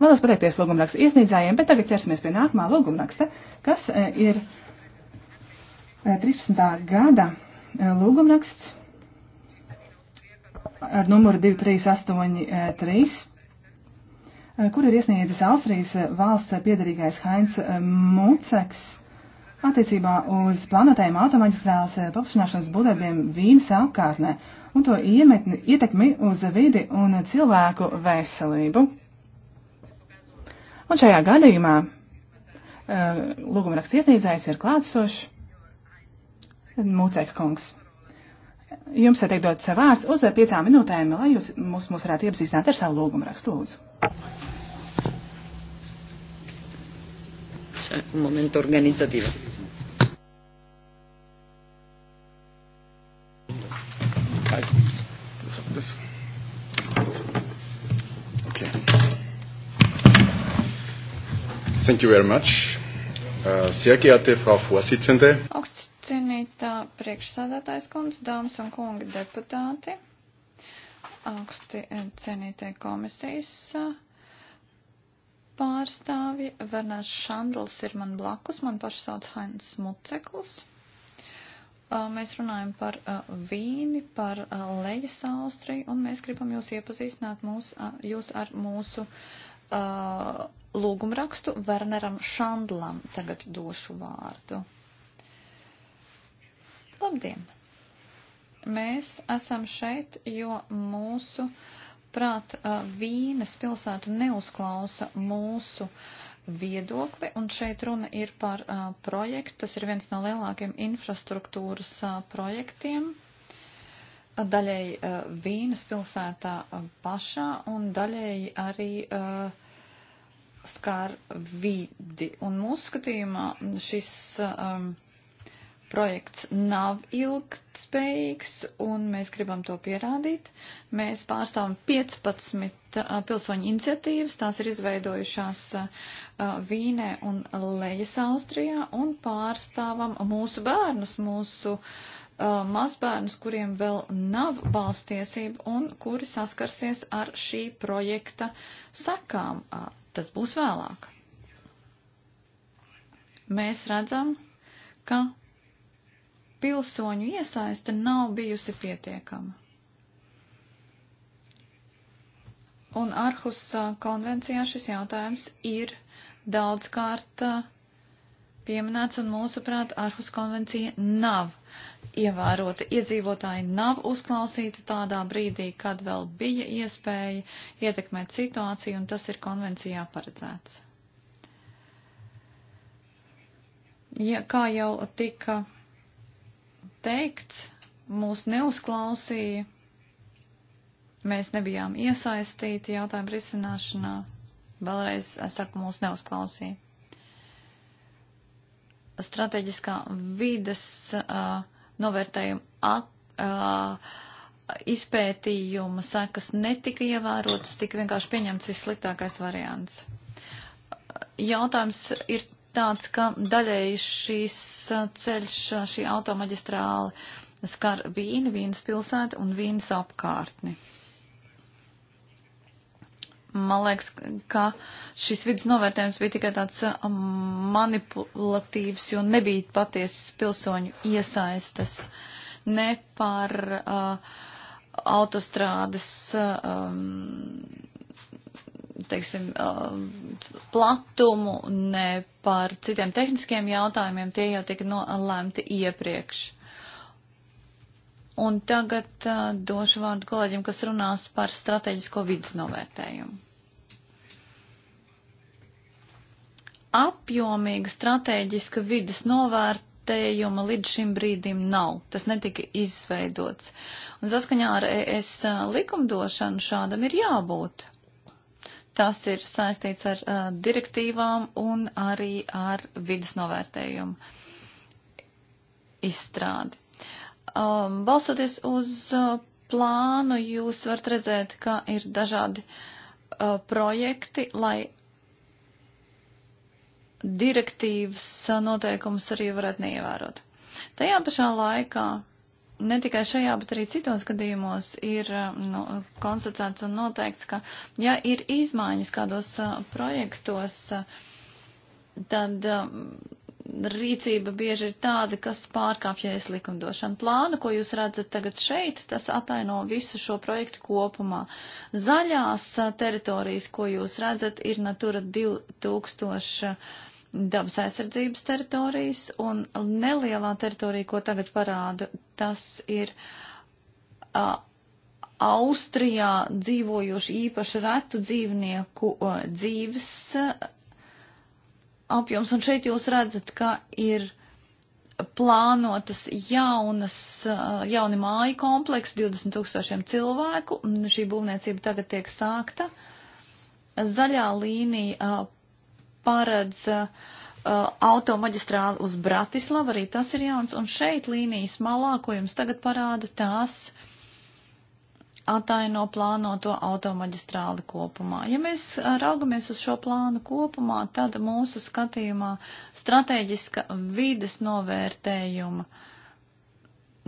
Vēlos pateikties lūgumraksta iesniedzējiem, bet tagad ķersimies pie nākamā lūgumraksta, kas ir 13. gada lūgumraksts ar numuru 2383, kur ir iesniedzis Austrijas valsts piedarīgais Hainz Mūceks attiecībā uz planētējiem automaģistrāls eh, paplašināšanas būdarbiem Vīnas apkārtnē un to iemetni, ietekmi uz vidi un cilvēku veselību. Un šajā gadījumā eh, lūgumraksta iesniedzējs ir klātsošs Mūcēka kungs. Jums ir teikt dot savu vārds uz piecām minūtēm, lai jūs mūs, mūs varētu iepazīstināt ar savu lūgumrakstu lūdzu.
un momento organizzativo.
Thank you very much. Uh, sehr geehrte Frau Vorsitzende.
Augstcienītā priekšsādātājs kundze, dāmas un kungi deputāti, augsti cienītie komisijas uh, pārstāvi, Verners Šandls ir man blakus, man pašu sauc Hainz Mucekls. Uh, mēs runājam par uh, vīni, par leģis Austriju, un mēs gribam jūs iepazīstināt mūs, jūs ar mūsu uh, uh, lūgumrakstu Werneram Šandlam tagad došu vārdu. Labdien! Mēs esam šeit, jo mūsu prāt uh, Vīnes pilsētu neuzklausa mūsu viedokli, un šeit runa ir par uh, projektu. Tas ir viens no lielākiem infrastruktūras uh, projektiem daļēji uh, Vīnas pilsētā uh, pašā un daļēji arī uh, eh, skār vidi. Un mūsu skatījumā šis um, projekts nav ilgtspējīgs, un mēs gribam to pierādīt. Mēs pārstāvam 15 uh, pilsoņu iniciatīvas, tās ir izveidojušās uh, Vīnē un Lejas Austrijā, un pārstāvam mūsu bērnus, mūsu uh, Uh, mazbērnus, kuriem vēl nav balsts tiesība un kuri saskarsies ar šī projekta sakām. Uh, tas būs vēlāk. Mēs redzam, ka pilsoņu iesaiste nav bijusi pietiekama. Un Arhus uh, konvencijā šis jautājums ir daudzkārt pieminēts, un mūsuprāt, Arhus konvencija nav ievēroti. Iedzīvotāji nav uzklausīti tādā brīdī, kad vēl bija iespēja ietekmēt situāciju, un tas ir konvencijā paredzēts. Ja, kā jau tika teikts, mūs neuzklausīja, mēs nebijām iesaistīti jautājumu risināšanā, vēlreiz, es saku, mūs neuzklausīja strateģiskā vides uh, novērtējuma at, uh, izpētījuma sekas netika ievērotas, tika vienkārši pieņemts vissliktākais variants. Jautājums ir tāds, ka daļēji šīs ceļš, šī automaģistrāli skar Vīnu, Vīnas pilsētu un Vīnas apkārtni. Uh, Man liekas, ka šis vidas novērtējums bija tikai tāds um, manipulatīvs, jo nebija patiesas pilsoņu iesaistas ne par uh, autostrādes, um, teiksim, uh, platumu, ne par citiem tehniskiem jautājumiem. Tie jau tika nolēmti iepriekš. Un tagad uh, došu vārdu kolēģim, kas runās par strateģisko vidas novērtējumu. Apjomīga strateģiska vidas novērtējuma līdz šim brīdim nav. Tas netika izveidots. Un saskaņā ar ES uh, likumdošanu šādam ir jābūt. Tas ir saistīts ar uh, direktīvām un arī ar vidas novērtējumu izstrādi um, balsoties uz uh, plānu, jūs varat redzēt, ka ir dažādi uh, projekti, lai direktīvas uh, noteikumus arī varētu neievērot. Tajā pašā laikā, ne tikai šajā, bet arī citos gadījumos ir uh, nu, konstatēts un noteikts, ka ja ir izmaiņas kādos uh, projektos, uh, tad. Uh, rīcība bieži ir tāda, kas pārkāpjas likumdošanu plānu, ko jūs redzat tagad šeit, tas ataino visu šo projektu kopumā. Zaļās teritorijas, ko jūs redzat, ir Natura 2000 dabas aizsardzības teritorijas, un nelielā teritorija, ko tagad parādu, tas ir. Uh, Austrijā dzīvojoši īpaši retu dzīvnieku uh, dzīves uh, apjoms. Un šeit jūs redzat, ka ir plānotas jaunas, uh, jauni māju kompleksi 20 tūkstošiem cilvēku. Šī būvniecība tagad tiek sākta. Zaļā līnija uh, paredz uh, automaģistrāli uz Bratislavu, arī tas ir jauns. Un šeit līnijas malā, ko jums tagad parāda, tās. Uh, ataino plānoto automaģistrāli kopumā. Ja mēs raugamies uz šo plānu kopumā, tad mūsu skatījumā strateģiska vides novērtējuma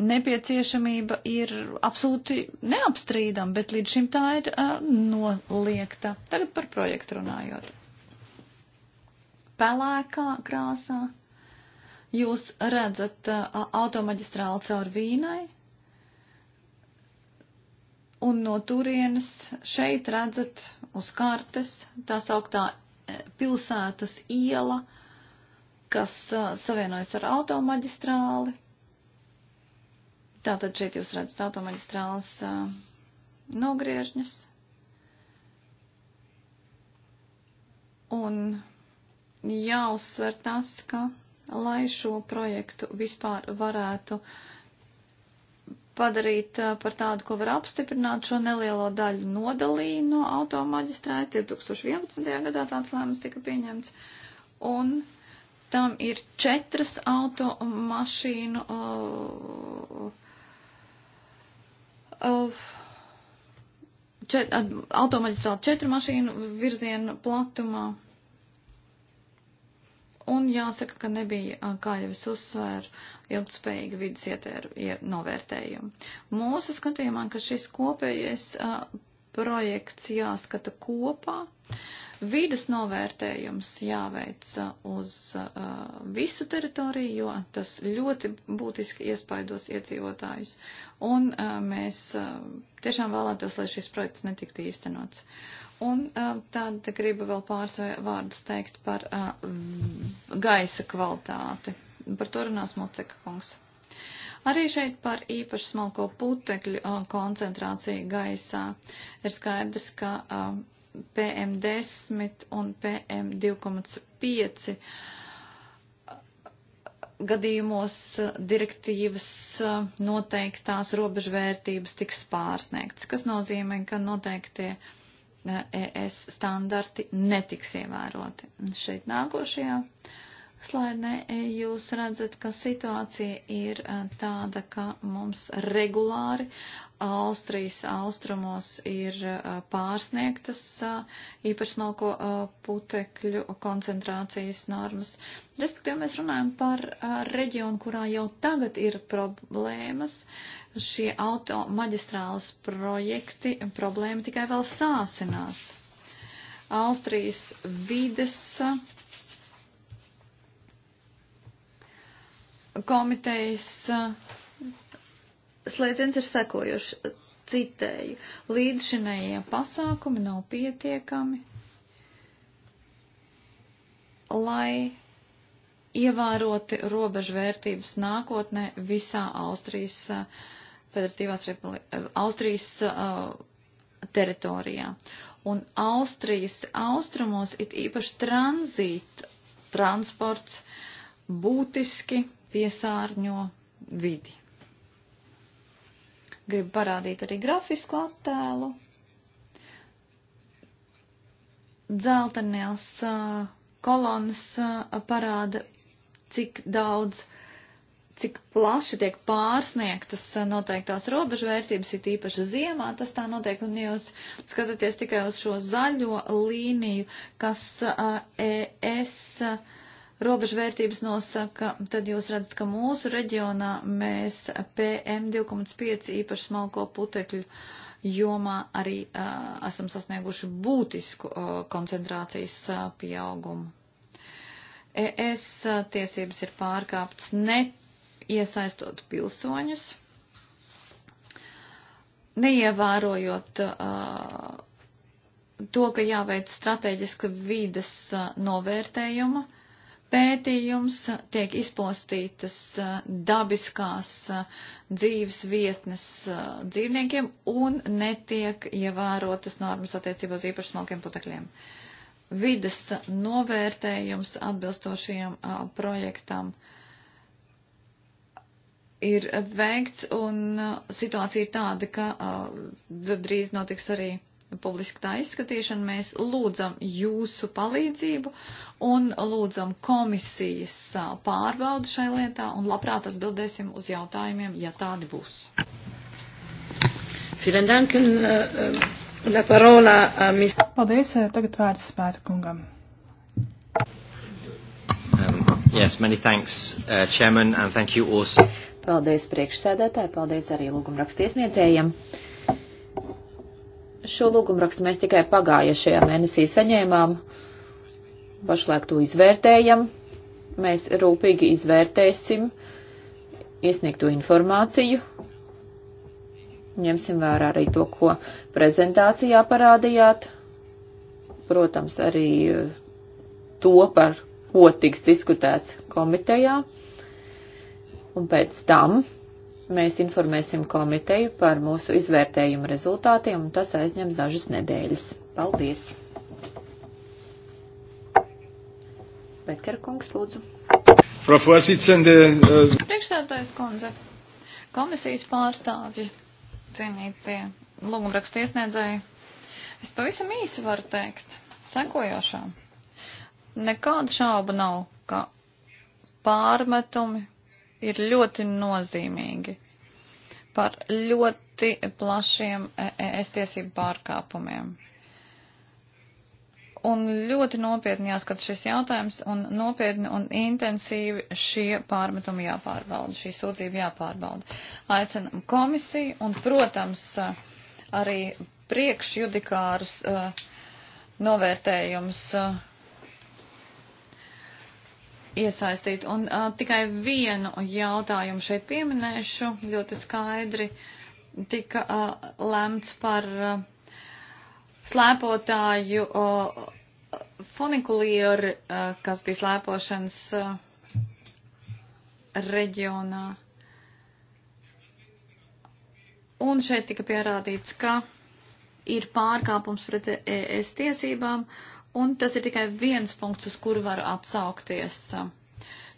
nepieciešamība ir absolūti neapstrīdama, bet līdz šim tā ir uh, noliekta. Tagad par projektu runājot. Pelēkā krāsā jūs redzat uh, automaģistrāli caur vīnai Un no turienes šeit redzat uz kartes tā sauktā e, pilsētas iela, kas uh, savienojas ar automaģistrāli. Tātad šeit jūs redzat automaģistrāles uh, nogriežņus. Un jāuzsver tas, ka lai šo projektu vispār varētu uh, padarīt par tādu, ko var apstiprināt šo nelielo daļu nodalīju no automaģistrājas. 2011. gadā tāds lēmums tika pieņemts. Un tam ir četras automašīnu uh, uh, čet, automaģistrāla četru mašīnu virzienu platumā un jāsaka, ka nebija, kā jau es uzsvēru, ilgspējīga vidas ietēru novērtējuma. Mūsu skatījumā, ka šis kopējais projekts jāskata kopā, vidas novērtējums jāveic uz visu teritoriju, jo tas ļoti būtiski iespaidos iedzīvotājus, un mēs tiešām vēlētos, lai šis projekts netiktu īstenots. Un um, tad gribu vēl pāris vārdus teikt par uh, gaisa kvalitāti. Par to runās Moceka kungs. Arī šeit par īpaši smalko putekļu uh, koncentrāciju gaisā ir skaidrs, ka uh, PM10 un PM2,5 gadījumos direktīvas noteiktās robežvērtības tiks pārsniegts, kas nozīmē, ka noteiktie uh, ES standarti netiks ievēroti. Un šeit nākošajā Slaidnē e, jūs redzat, ka situācija ir e, tāda, ka mums regulāri Austrijas austrumos ir e, pārsniegtas īpašmalko putekļu koncentrācijas normas. Respektīvi, mēs runājam par reģionu, kurā jau tagad ir problēmas. Šie automaģistrāles projekti problēma tikai vēl sāsinās. Austrijas vides komitejas eh, slēdziens ir sekojuši. Citēju, līdzšinējie pasākumi nav pietiekami, lai ievēroti robežvērtības nākotnē visā Austrijas, eh, federatīvās repuli, eh, Austrijas uh, teritorijā. Un Austrijas austrumos it īpaši tranzīt transports būtiski piesārņo vidi. Gribu parādīt arī grafisku attēlu. Dzeltenēls kolonas parāda, cik daudz, cik plaši tiek pārsniegtas noteiktās robežvērtības, ir īpaši ziemā tas tā notiek, un jūs skatāties tikai uz šo zaļo līniju, kas ES. Uh, robežvērtības nosaka, tad jūs redzat, ka mūsu reģionā mēs PM 2,5 īpaši smalko putekļu jomā arī uh, esam sasnieguši būtisku uh, koncentrācijas uh, pieaugumu. ES tiesības ir pārkāptas neiesaistot pilsoņus, neievērojot uh, to, ka jāveic strateģiska vīdes uh, novērtējuma uh, pētījums, tiek izpostītas dabiskās dzīves vietnes dzīvniekiem un netiek ievērotas normas attiecībā uz īpaši smalkiem putekļiem. Vides novērtējums atbilstošajam projektam ir veikts un situācija ir tāda, ka drīz notiks arī publiski tā izskatīšana, mēs lūdzam jūsu palīdzību un lūdzam komisijas pārbaudu šai lietā un labprāt atbildēsim uz jautājumiem, ja tādi būs.
Paldies, tagad vērts spēta kungam.
Um, yes, many thanks, uh, Chairman, and thank you also. Paldies priekšsēdētāji, paldies arī lūgumrakstiesniedzējiem. Uh, Šo lūgumrakstu mēs tikai pagājušajā mēnesī saņēmām, pašlaik to izvērtējam, mēs rūpīgi izvērtēsim iesniegto informāciju, ņemsim vērā arī to, ko prezentācijā parādījāt, protams, arī eh, to, par ko tiks diskutēts komitejā, un pēc tam mēs informēsim komiteju par mūsu izvērtējumu rezultātiem, un tas aizņems dažas nedēļas. Paldies! Bekerkungs,
lūdzu. Äh, Priekšsēdājas kundze, komisijas pārstāvji, cienītie lūgumrakstu iesniedzēji, es pavisam īsi varu teikt sekojošā. Nekādu šaubu nav, ka pārmetumi ir ļoti nozīmīgi par ļoti plašiem e, e, es tiesību pārkāpumiem. Un ļoti nopietni jāskat šis jautājums un nopietni un intensīvi šie pārmetumi jāpārbauda, šī sūdzība jāpārbauda. Aicinam komisiju un, protams, arī priekšjudikārus e, novērtējums uh, iesaistīti. Un uh, tikai vienu jautājumu šeit pieminēšu ļoti skaidri. Tika uh, lemts par uh, slēpotāju uh, funikulieri, uh, kas bija slēpošanas uh, reģionā. Un šeit tika pierādīts, ka ir pārkāpums pret ES tiesībām. Uh, Un tas ir tikai viens punkts, uz kuru varu atsaukties.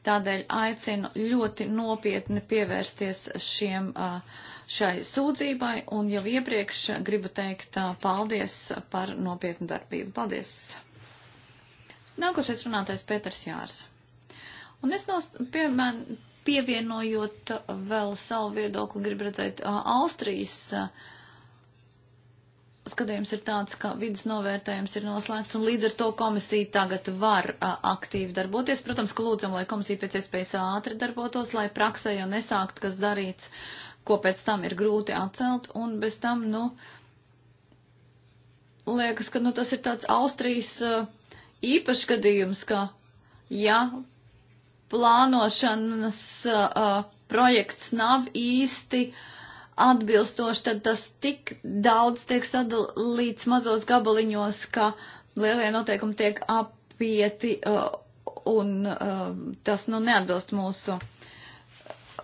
Tādēļ aicinu ļoti nopietni pievērsties šiem, šai sūdzībai un jau iepriekš gribu teikt paldies par nopietnu darbību. Paldies! Nākošais runātais Pēters Jārs. Un es no, piemēram, pievienojot vēl savu viedokli, gribu redzēt Austrijas uh, skatījums ir tāds, ka vidas novērtējums ir noslēgts, un līdz ar to komisija tagad var a, aktīvi darboties. Protams, ka lūdzam, lai komisija pēc iespējas ātri darbotos, lai praksē jau nesākt, kas darīts, ko pēc tam ir grūti atcelt, un bez tam, nu, liekas, ka, nu, tas ir tāds Austrijas a, īpašs gadījums, ka, ja plānošanas a, projekts nav īsti, uh, atbilstoši, tad tas tik daudz tiek sadalīts mazos gabaliņos, ka lielie noteikumi tiek apieti uh, un uh, tas nu neatbilst mūsu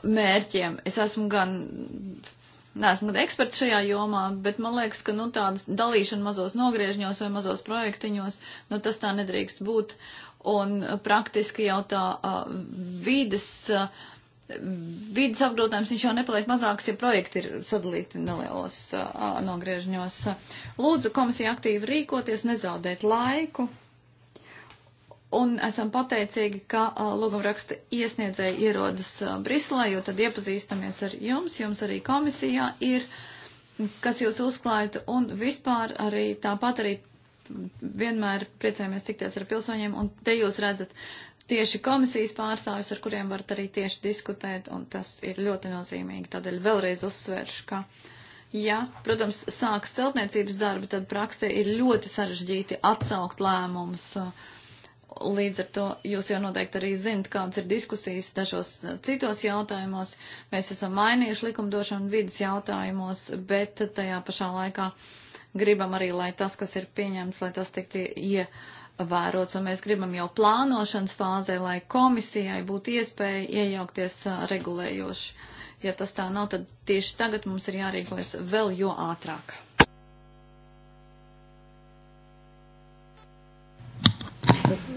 mērķiem. Es esmu gan. Neesmu gan eksperts šajā jomā, bet man liekas, ka, nu, tāda dalīšana mazos nogriežņos vai mazos projektiņos, nu, tas tā nedrīkst būt. Un praktiski jau tā uh, vides uh, vidas apgrūtinājums viņš jau nepaliek mazāks, ja projekti ir sadalīti nelielos uh, nogriežņos. Lūdzu komisiju aktīvi rīkoties, nezaudēt laiku. Un esam pateicīgi, ka uh, lūgumraksta iesniedzēji ierodas uh, Briselē, jo tad iepazīstamies ar jums, jums arī komisijā ir, kas jūs uzklājat, un vispār arī tāpat arī vienmēr priecājamies tikties ar pilsoņiem, un te jūs redzat, tieši komisijas pārstāvis, ar kuriem varat arī tieši diskutēt, un tas ir ļoti nozīmīgi. Tādēļ vēlreiz uzsveršu, ka, ja, protams, sāks celtniecības darbi, tad praksē ir ļoti sarežģīti atsaukt lēmumus. Līdz ar to jūs jau noteikti arī zinat, kādas ir diskusijas dažos citos jautājumos. Mēs esam mainījuši likumdošanu vidas jautājumos, bet tajā pašā laikā gribam arī, lai tas, kas ir pieņemts, lai tas tiktu ie. Ja, vērots, un mēs gribam jau plānošanas fāzē, lai komisijai būtu iespēja iejaukties regulējoši. Ja tas tā nav, tad tieši tagad mums ir jārīkojas vēl jo ātrāk.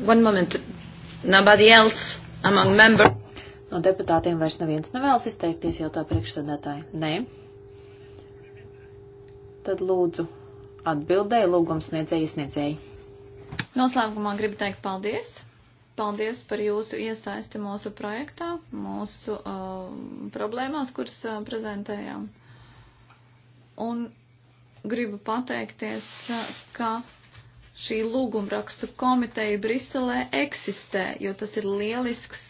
One moment. Nobody else among members. No deputātiem vairs neviens nevēlas izteikties jau tā priekšsēdētāji. Nē. Tad lūdzu atbildēju lūgums sniedzēji sniedzēji.
Noslēgumā gribu teikt paldies. Paldies par jūsu iesaisti mūsu projektā, mūsu uh, problēmās, kuras uh, prezentējām. Un gribu pateikties, uh, ka šī lūgumrakstu komiteja Briselē eksistē, jo tas ir lielisks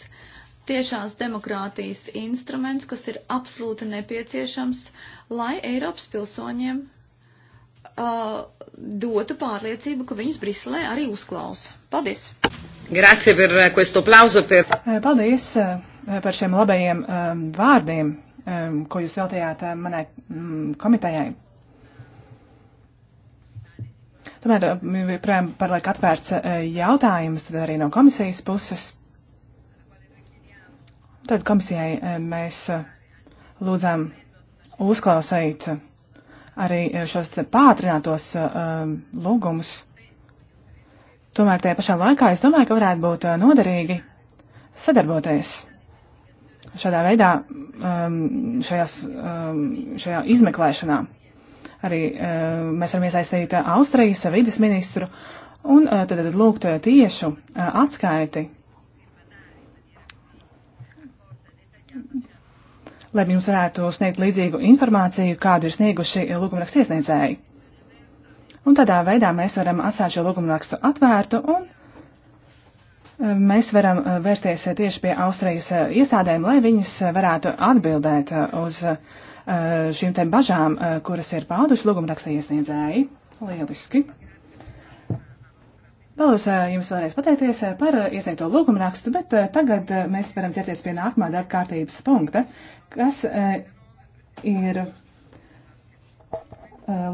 tiešās demokrātijas instruments, kas ir absolūti nepieciešams, lai Eiropas pilsoņiem uh, dotu pārliecību, ka viņus Briselē arī uzklausa. Paldies!
Grazie per questo plauso.
Per...
Eh, paldies eh, par šiem labajiem um, vārdiem, um, ko jūs veltījāt manai um, komitejai. Tomēr joprojām paliek atvērts jautājums arī no komisijas puses. Tad komisijai mēs lūdzām uzklausīt arī šos pātrinātos um, lūgumus. Tomēr tajā pašā laikā es domāju, ka varētu būt uh, noderīgi sadarboties. Šādā veidā um, šajās, um, šajā izmeklēšanā arī uh, mēs varam iesaistīt uh, Austrijas vidas ministru un tad lūgt tiešu atskaiti lai jums varētu sniegt līdzīgu informāciju, kādu ir snieguši lūgumraksta iesniedzēji. Un tādā veidā mēs varam atstāt šo lūgumrakstu atvērtu un eh, mēs varam eh, vērsties tieši pie Austrijas eh, iestādēm, lai viņas varētu atbildēt uz šīm te bažām, kuras ir pauduši lūgumraksta iesniedzēji. Lieliski! Vēlos jums vēlreiz pateikties par iesniegto lūgumrakstu, bet tagad mēs varam ķerties pie nākamā darba kārtības punkta, Kas e, ir e,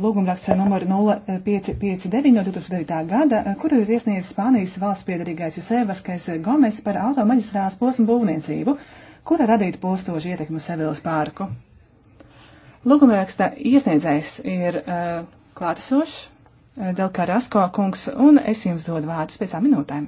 lūgumraksts ar numuru 0559 no 2009. gada, e, kuru ir iesniedzis Spānijas valsts piedarīgais Jusēvas Kais Gomes par automaģistrāls posmu būvniecību, kura radītu postošu ietekmu Sevilas pārku. Lūgumraksta iesniedzējs ir uh, klātesošs Delka Rasko kungs, un es jums dodu vārdus pēc minūtēm.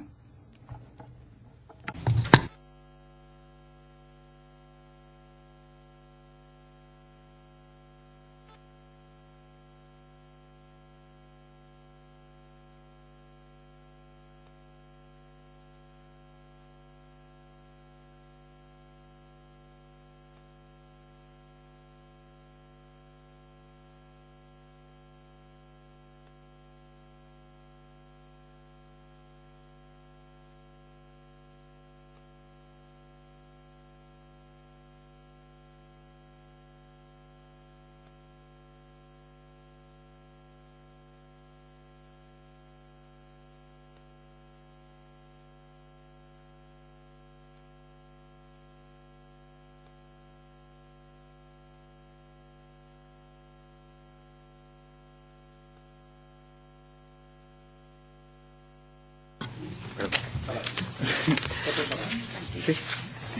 Sí.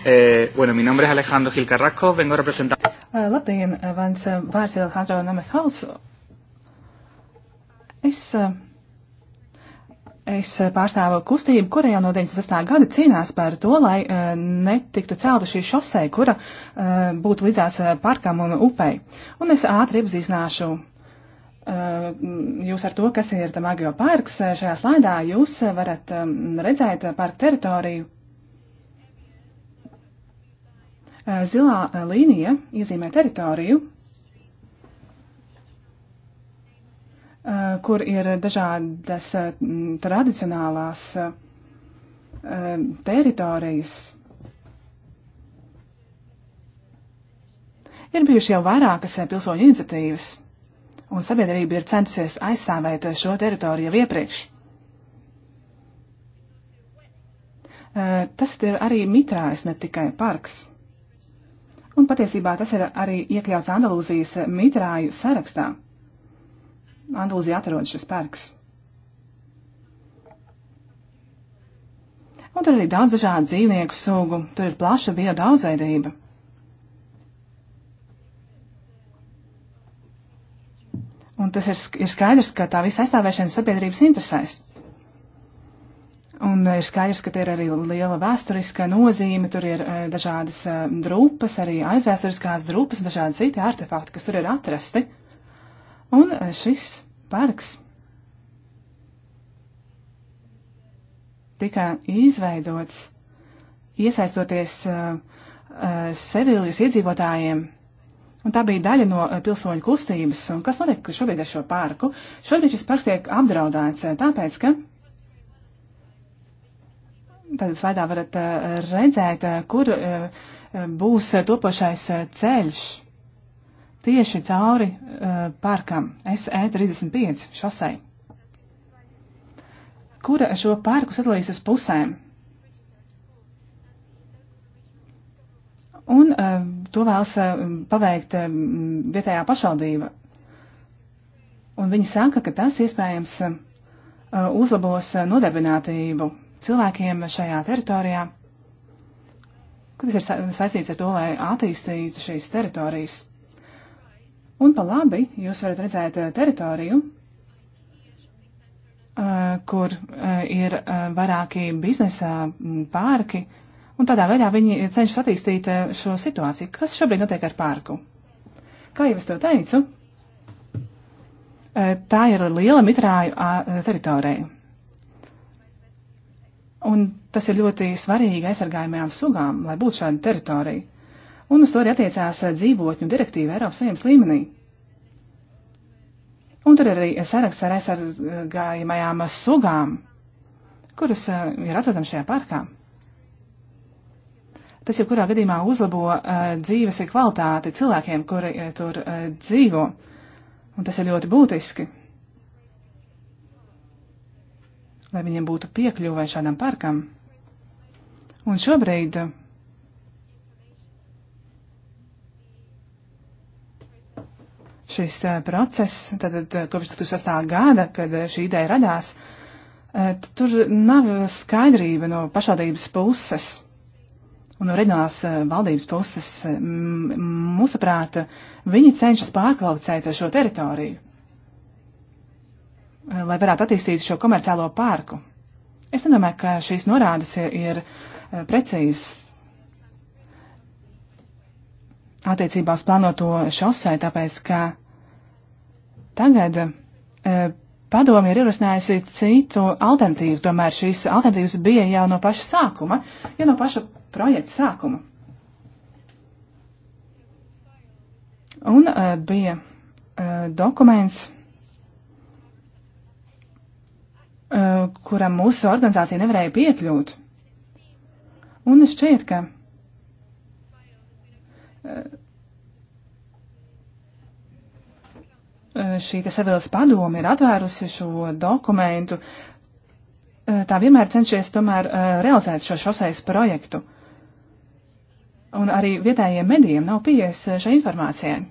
Eh, bueno, mi nombre es Alejandro Gil Carrasco, vengo representando. Uh, labdien, mans eh, uh, eh, vārds ir Alejandro Namehaus. Es, uh, es pārstāvu kustību, kura jau no 98. gada cīnās par to, lai netiktu celta šī šosei, kura būtu līdzās parkam un upei. Un es ātri iepazīstināšu jūs ar to, kas ir Tamagio parks. Šajā slaidā jūs varat redzēt parka teritoriju, Zilā līnija iezīmē teritoriju, kur ir dažādas tradicionālās teritorijas. Ir bijuši jau vairākas pilsoņu iniciatīvas, un sabiedrība ir centusies aizstāvēt šo teritoriju jau iepriekš. Tas ir arī mitrājs, ne tikai parks un patiesībā tas ir arī iekļauts Andalūzijas mitrāju sarakstā. Andalūzija atrodas šis parks. Un tur ir arī daudz dažādu dzīvnieku sugu, tur ir plaša biodaudzveidība. Un tas ir, ir skaidrs, ka tā visa aizstāvēšana sabiedrības interesēs. Un ir skaidrs, ka tie ir arī liela vēsturiska nozīme, tur ir eh, dažādas eh, drupas, arī aizvēsturiskās drupas, dažādi citi artefakti, kas tur ir atrasti. Un eh, šis parks tika izveidots iesaistoties Sevilijas iedzīvotājiem. Un tā bija daļa no pilsoņu kustības. Un kas notiek šobrīd ar šo parku? Šobrīd šis parks tiek apdraudēts tāpēc, ka Tādā veidā varat eh, redzēt, eh, kur eh, būs topošais ceļš tieši cauri parkam SE35 šosei, kura šo parku sadalīs uz pusēm. Un to vēlas paveikt vietējā pašvaldība. Un viņi saka, ka tas iespējams uzlabos nodarbinātību cilvēkiem šajā teritorijā, kas ir sa saistīts ar to, lai attīstītu šīs teritorijas. Un pa labi jūs varat redzēt eh, teritoriju, eh, kur eh, ir vairāki biznesa mm, pārki, un tādā veidā viņi cenšas attīstīt šo situāciju. Kas šobrīd notiek ar pārku? Kā jau es to teicu, tā ir liela mitrāju teritorija. Un tas ir ļoti svarīgi aizsargājumajām sugām, lai būtu šāda teritorija. Un uz to arī attiecās dzīvotņu direktīva Eiropas Savienības līmenī. Un tur ir arī saraksts ar aizsargājumajām sugām, kuras eh, ir atrodams šajā parkā. Tas jebkurā gadījumā uzlabo eh, dzīves kvalitāti cilvēkiem, kuri eh, tur dzīvo. Un tas ir ļoti būtiski lai viņiem būtu piekļuvai šādam parkam. Un šobrīd šis eh, process, tad eh, kopš 2008. gada, kad eh, šī ideja radās, tur nav skaidrība no pašvaldības puses un no reģionālās valdības puses. Mūsuprāt, viņi cenšas pārkvalificēt šo teritoriju. Eh, lai varētu attīstīt šo komerciālo pārku. Es nedomāju, ka šīs norādes ir eh, precīzas attiecībā uz plānoto šosei, tāpēc ka tagad eh, padomi ir ierosinājusi citu alternatīvu, tomēr šīs alternatīvas bija jau no paša sākuma, jau no paša projekta sākuma. Un bija dokuments Eh, kuram mūsu organizācija nevarēja piekļūt. Un es šķiet, ka eh, šī Sevilas padoma ir atvērusi šo dokumentu, eh, tā vienmēr cenšies tomēr realizēt šo šoseis projektu. Un arī vietējiem medijiem nav pieejas šai informācijai.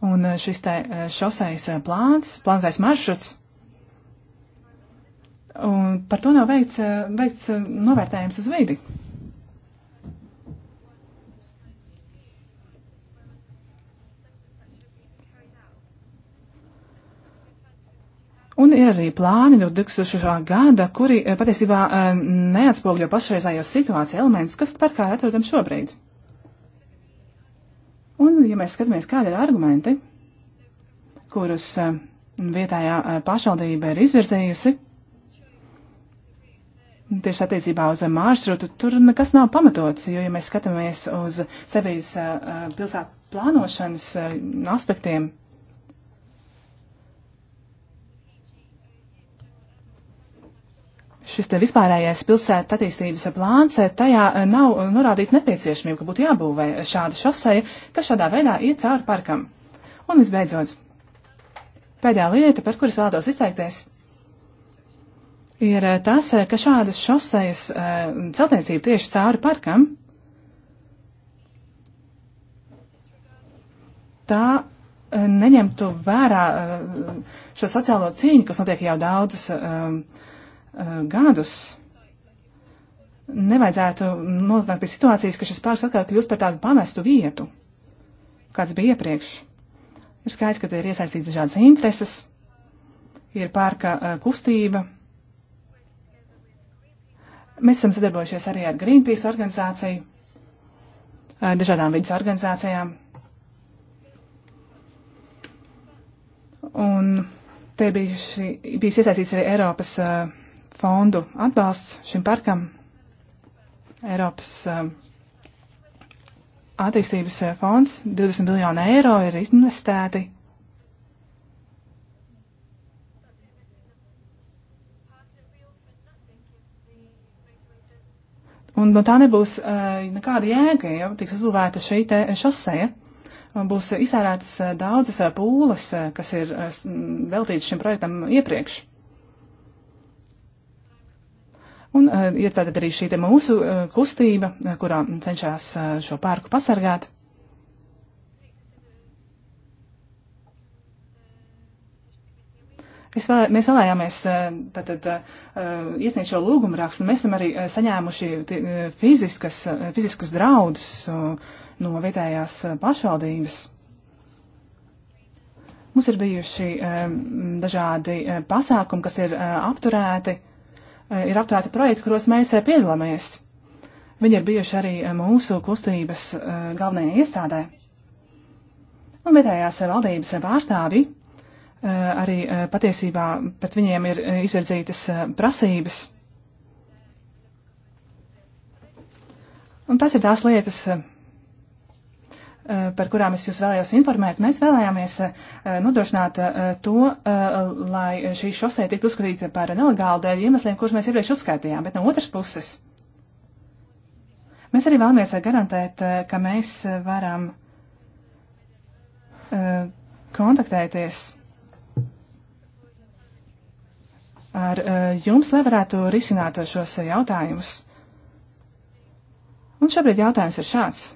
Un eh, šis te eh, šoseis eh, plāns, plānotais maršruts, un par to nav veikts, veikts novērtējums uz vidi. Un ir arī plāni no 2000. gada, kuri patiesībā neatspogļo pašreizējo situāciju elementus, kas parkā atrodam šobrīd. Un, ja mēs skatāmies, kādi ir argumenti, kurus eh, vietējā eh, pašvaldība ir izvirzījusi, tieši attiecībā uz eh, maršrutu, tur nekas nav pamatots, jo, ja mēs skatāmies uz Sevijas pilsētu plānošanas aspektiem, šis te vispārējais pilsēta attīstības plāns, eh, tajā eh, nav eh, norādīta nepieciešamība, ka būtu jābūvē šāda šoseja, kas šādā veidā iet cauri parkam. Un visbeidzot, pēdējā lieta, par kuras vēlētos izteikties, ir tas, ka šādas šosejas celtniecība tieši cauri parkam, tā neņemtu vērā šo sociālo cīņu, kas notiek jau daudzas. Um, Eh, gadus nevajadzētu nonākt pie situācijas, ka šis pāris atkal kļūst par tādu pamestu vietu, kāds bija iepriekš. Ir skaidrs, ka te ir iesaistīts dažādas intereses, ir pārka eh, kustība. Mēs esam sadarbojušies arī ar Greenpeace organizāciju, eh, dažādām vidas organizācijām. Un te bija šī, bijis iesaistīts arī Eiropas uh, fondu atbalsts šim parkam Eiropas eh, attīstības eh, fonds 20 miljonu eiro ir investēti. Un no tā nebūs uh, nekāda jēga, ja tiks uzbūvēta šī te šoseja. Būs iztērētas daudzas pūles, kas ir veltītas šim projektam iepriekš. Un uh, ir tātad arī šī mūsu uh, kustība, uh, kurā cenšas uh, šo parku pasargāt. Es vēl, mēs vēlējāmies uh, tātad, uh, iesniegt šo lūgumu rakstu, un mēs esam arī uh, saņēmuši t, uh, fiziskas, uh, fiziskus draudus uh, no vietējās uh, pašvaldības. Mums ir bijuši um, dažādi uh, pasākumi, kas ir uh, apturēti. Eh, ir aptvērti projekti, kuros mēs eh, piedalāmies. Viņi ir bijuši arī eh, mūsu kustības galvenajā iestādē. Un vietējās valdības pārstāvi arī patiesībā pret viņiem ir izvirdzītas prasības. Un tas ir tās lietas, Eh, par kurām es jūs vēlējos informēt, mēs vēlējāmies eh, nodrošināt eh, to, lai šī šosē tiktu uzskatīta par nelegālu dēļ iemesliem, kurus mēs iepriekš uzskaitījām, bet no otras puses mēs arī vēlamies garantēt, ka mēs varam kontaktēties ar jums, lai varētu risināt šos jautājumus. Un šobrīd jautājums ir šāds.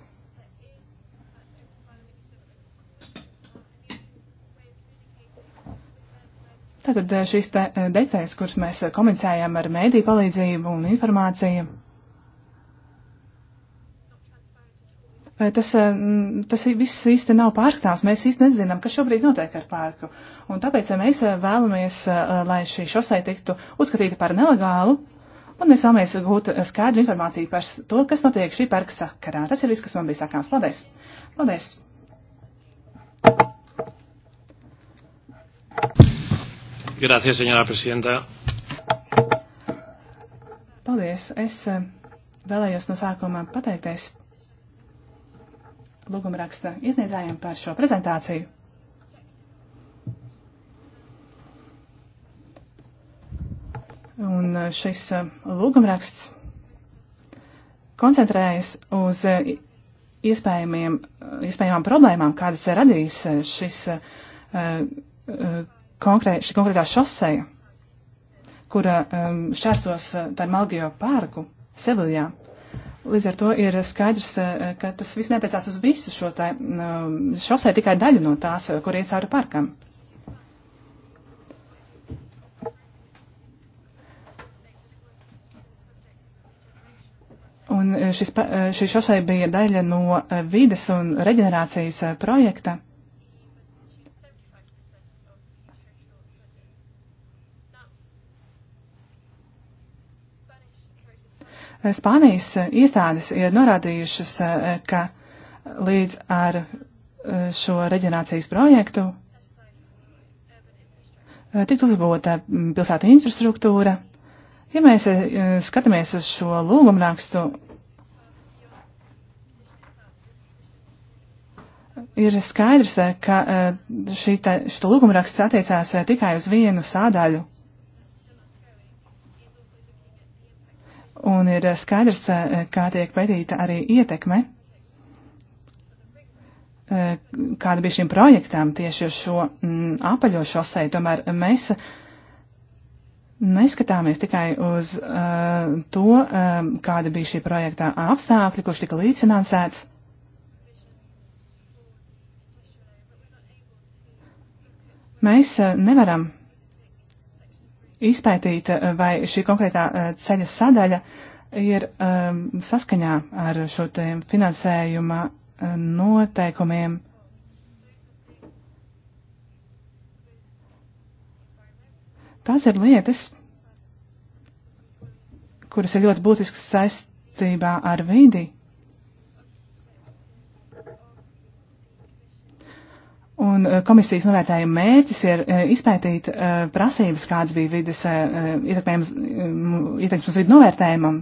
Tātad eh, šīs eh, detaļas, kuras mēs eh, komunicējam ar mēdīju palīdzību un informāciju, tas, tas viss īsti nav pārskatāms. Mēs īsti nezinām, kas šobrīd notiek ar pārku. Un tāpēc ja mēs vēlamies, lai šī šosei tiktu uzskatīta par nelegālu, un mēs vēlamies gūt skaidru informāciju par to, kas notiek šī pērka sakarā. Tas ir viss, kas man bija sakāms. Paldies! Paldies!
Gracias, senjora prezidenta.
Paldies. Es eh, vēlējos no sākumā pateikties lūgumraksta iesniedzējiem par šo prezentāciju. Un eh, šis eh, lūgumraksts koncentrējas uz iespējamiem, iespējamām problēmām, kādas radīs šis konkrē, šī konkrētā šoseja, kura um, šķērsos Tarmalgio uh, pārku Seviljā. Līdz ar to ir skaidrs, uh, ka tas viss neatiecās uz visu šo tā, um, šosē, tikai daļu no tās, uh, kur iet cauri parkam. Un šis, šī šosē bija daļa no vides un reģenerācijas projekta Spānijas iestādes ir norādījušas, eh, ka līdz ar eh, šo reģionācijas projektu eh, tiktu uzlabota mm, pilsētu infrastruktūra. Ja mēs skatāmies uz šo lūgumrakstu, ir skaidrs, ka šī, šita lūgumraksts attiecās tikai uz vienu sādaļu un ir skaidrs, eh, kā tiek pētīta arī ietekme, eh, kāda bija šim projektām tieši uz šo mm, apaļo šosei. Tomēr mēs neskatāmies tikai uz uh, to, um, kāda bija šī projekta apstākļi, kurš tika līdzfinansēts. Mēs uh, nevaram izpētīt, eh, vai šī konkrētā eh, ceļa sadaļa ir um, saskaņā ar šo finansējuma eh, noteikumiem. Tās ir lietas, kuras ir ļoti būtiskas saistībā ar vidi, Un eh, komisijas novērtējuma mērķis ir eh, izpētīt eh, prasības, kāds bija vides ietekmes uz vidu novērtējumam.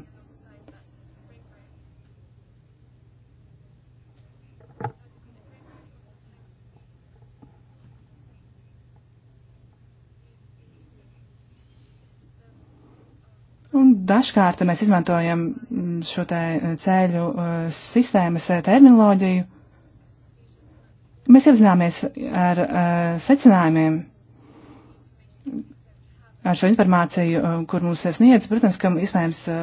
Un dažkārt mēs izmantojam mm, šo te ceļu sistēmas terminoloģiju. Mēs apzināmies ar uh, secinājumiem, ar šo informāciju, uh, kur mums sniedz. Protams, ka iespējams uh,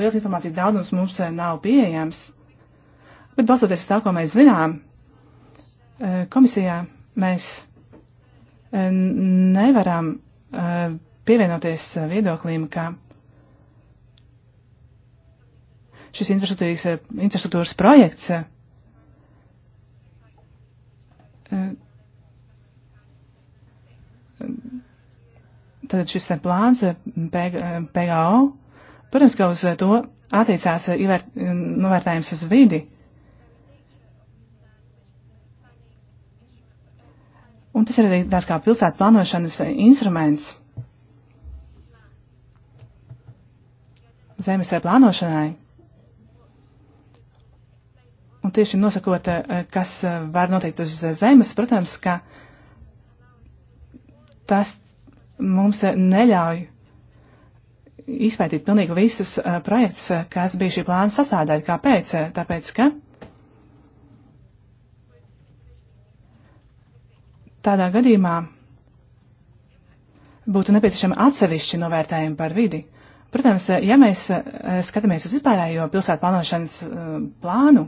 liels informācijas daudzums mums uh, nav pieejams. Bet balstoties uz tā, ko mēs zinām, uh, komisijā mēs uh, nevaram uh, pievienoties uh, viedoklim, ka šis infrastruktūras, uh, infrastruktūras projekts uh, Tad šis plāns eh, PGO, eh, protams, ka uz to attiecās eh, ievērt, novērtējums uz vidi. Un tas ir arī tās kā pilsētu plānošanas instruments. Zemes plānošanai Un tieši nosakot, eh, kas eh, var noteikt uz eh, zemes, protams, ka tas mums neļauj izpētīt pilnīgi visus projektus, kas bija šī plāna sastādāti. Kāpēc? Tāpēc, ka tādā gadījumā būtu nepieciešami atsevišķi novērtējumi par vidi. Protams, ja mēs skatāmies uz vispārējo pilsētu plānošanas plānu,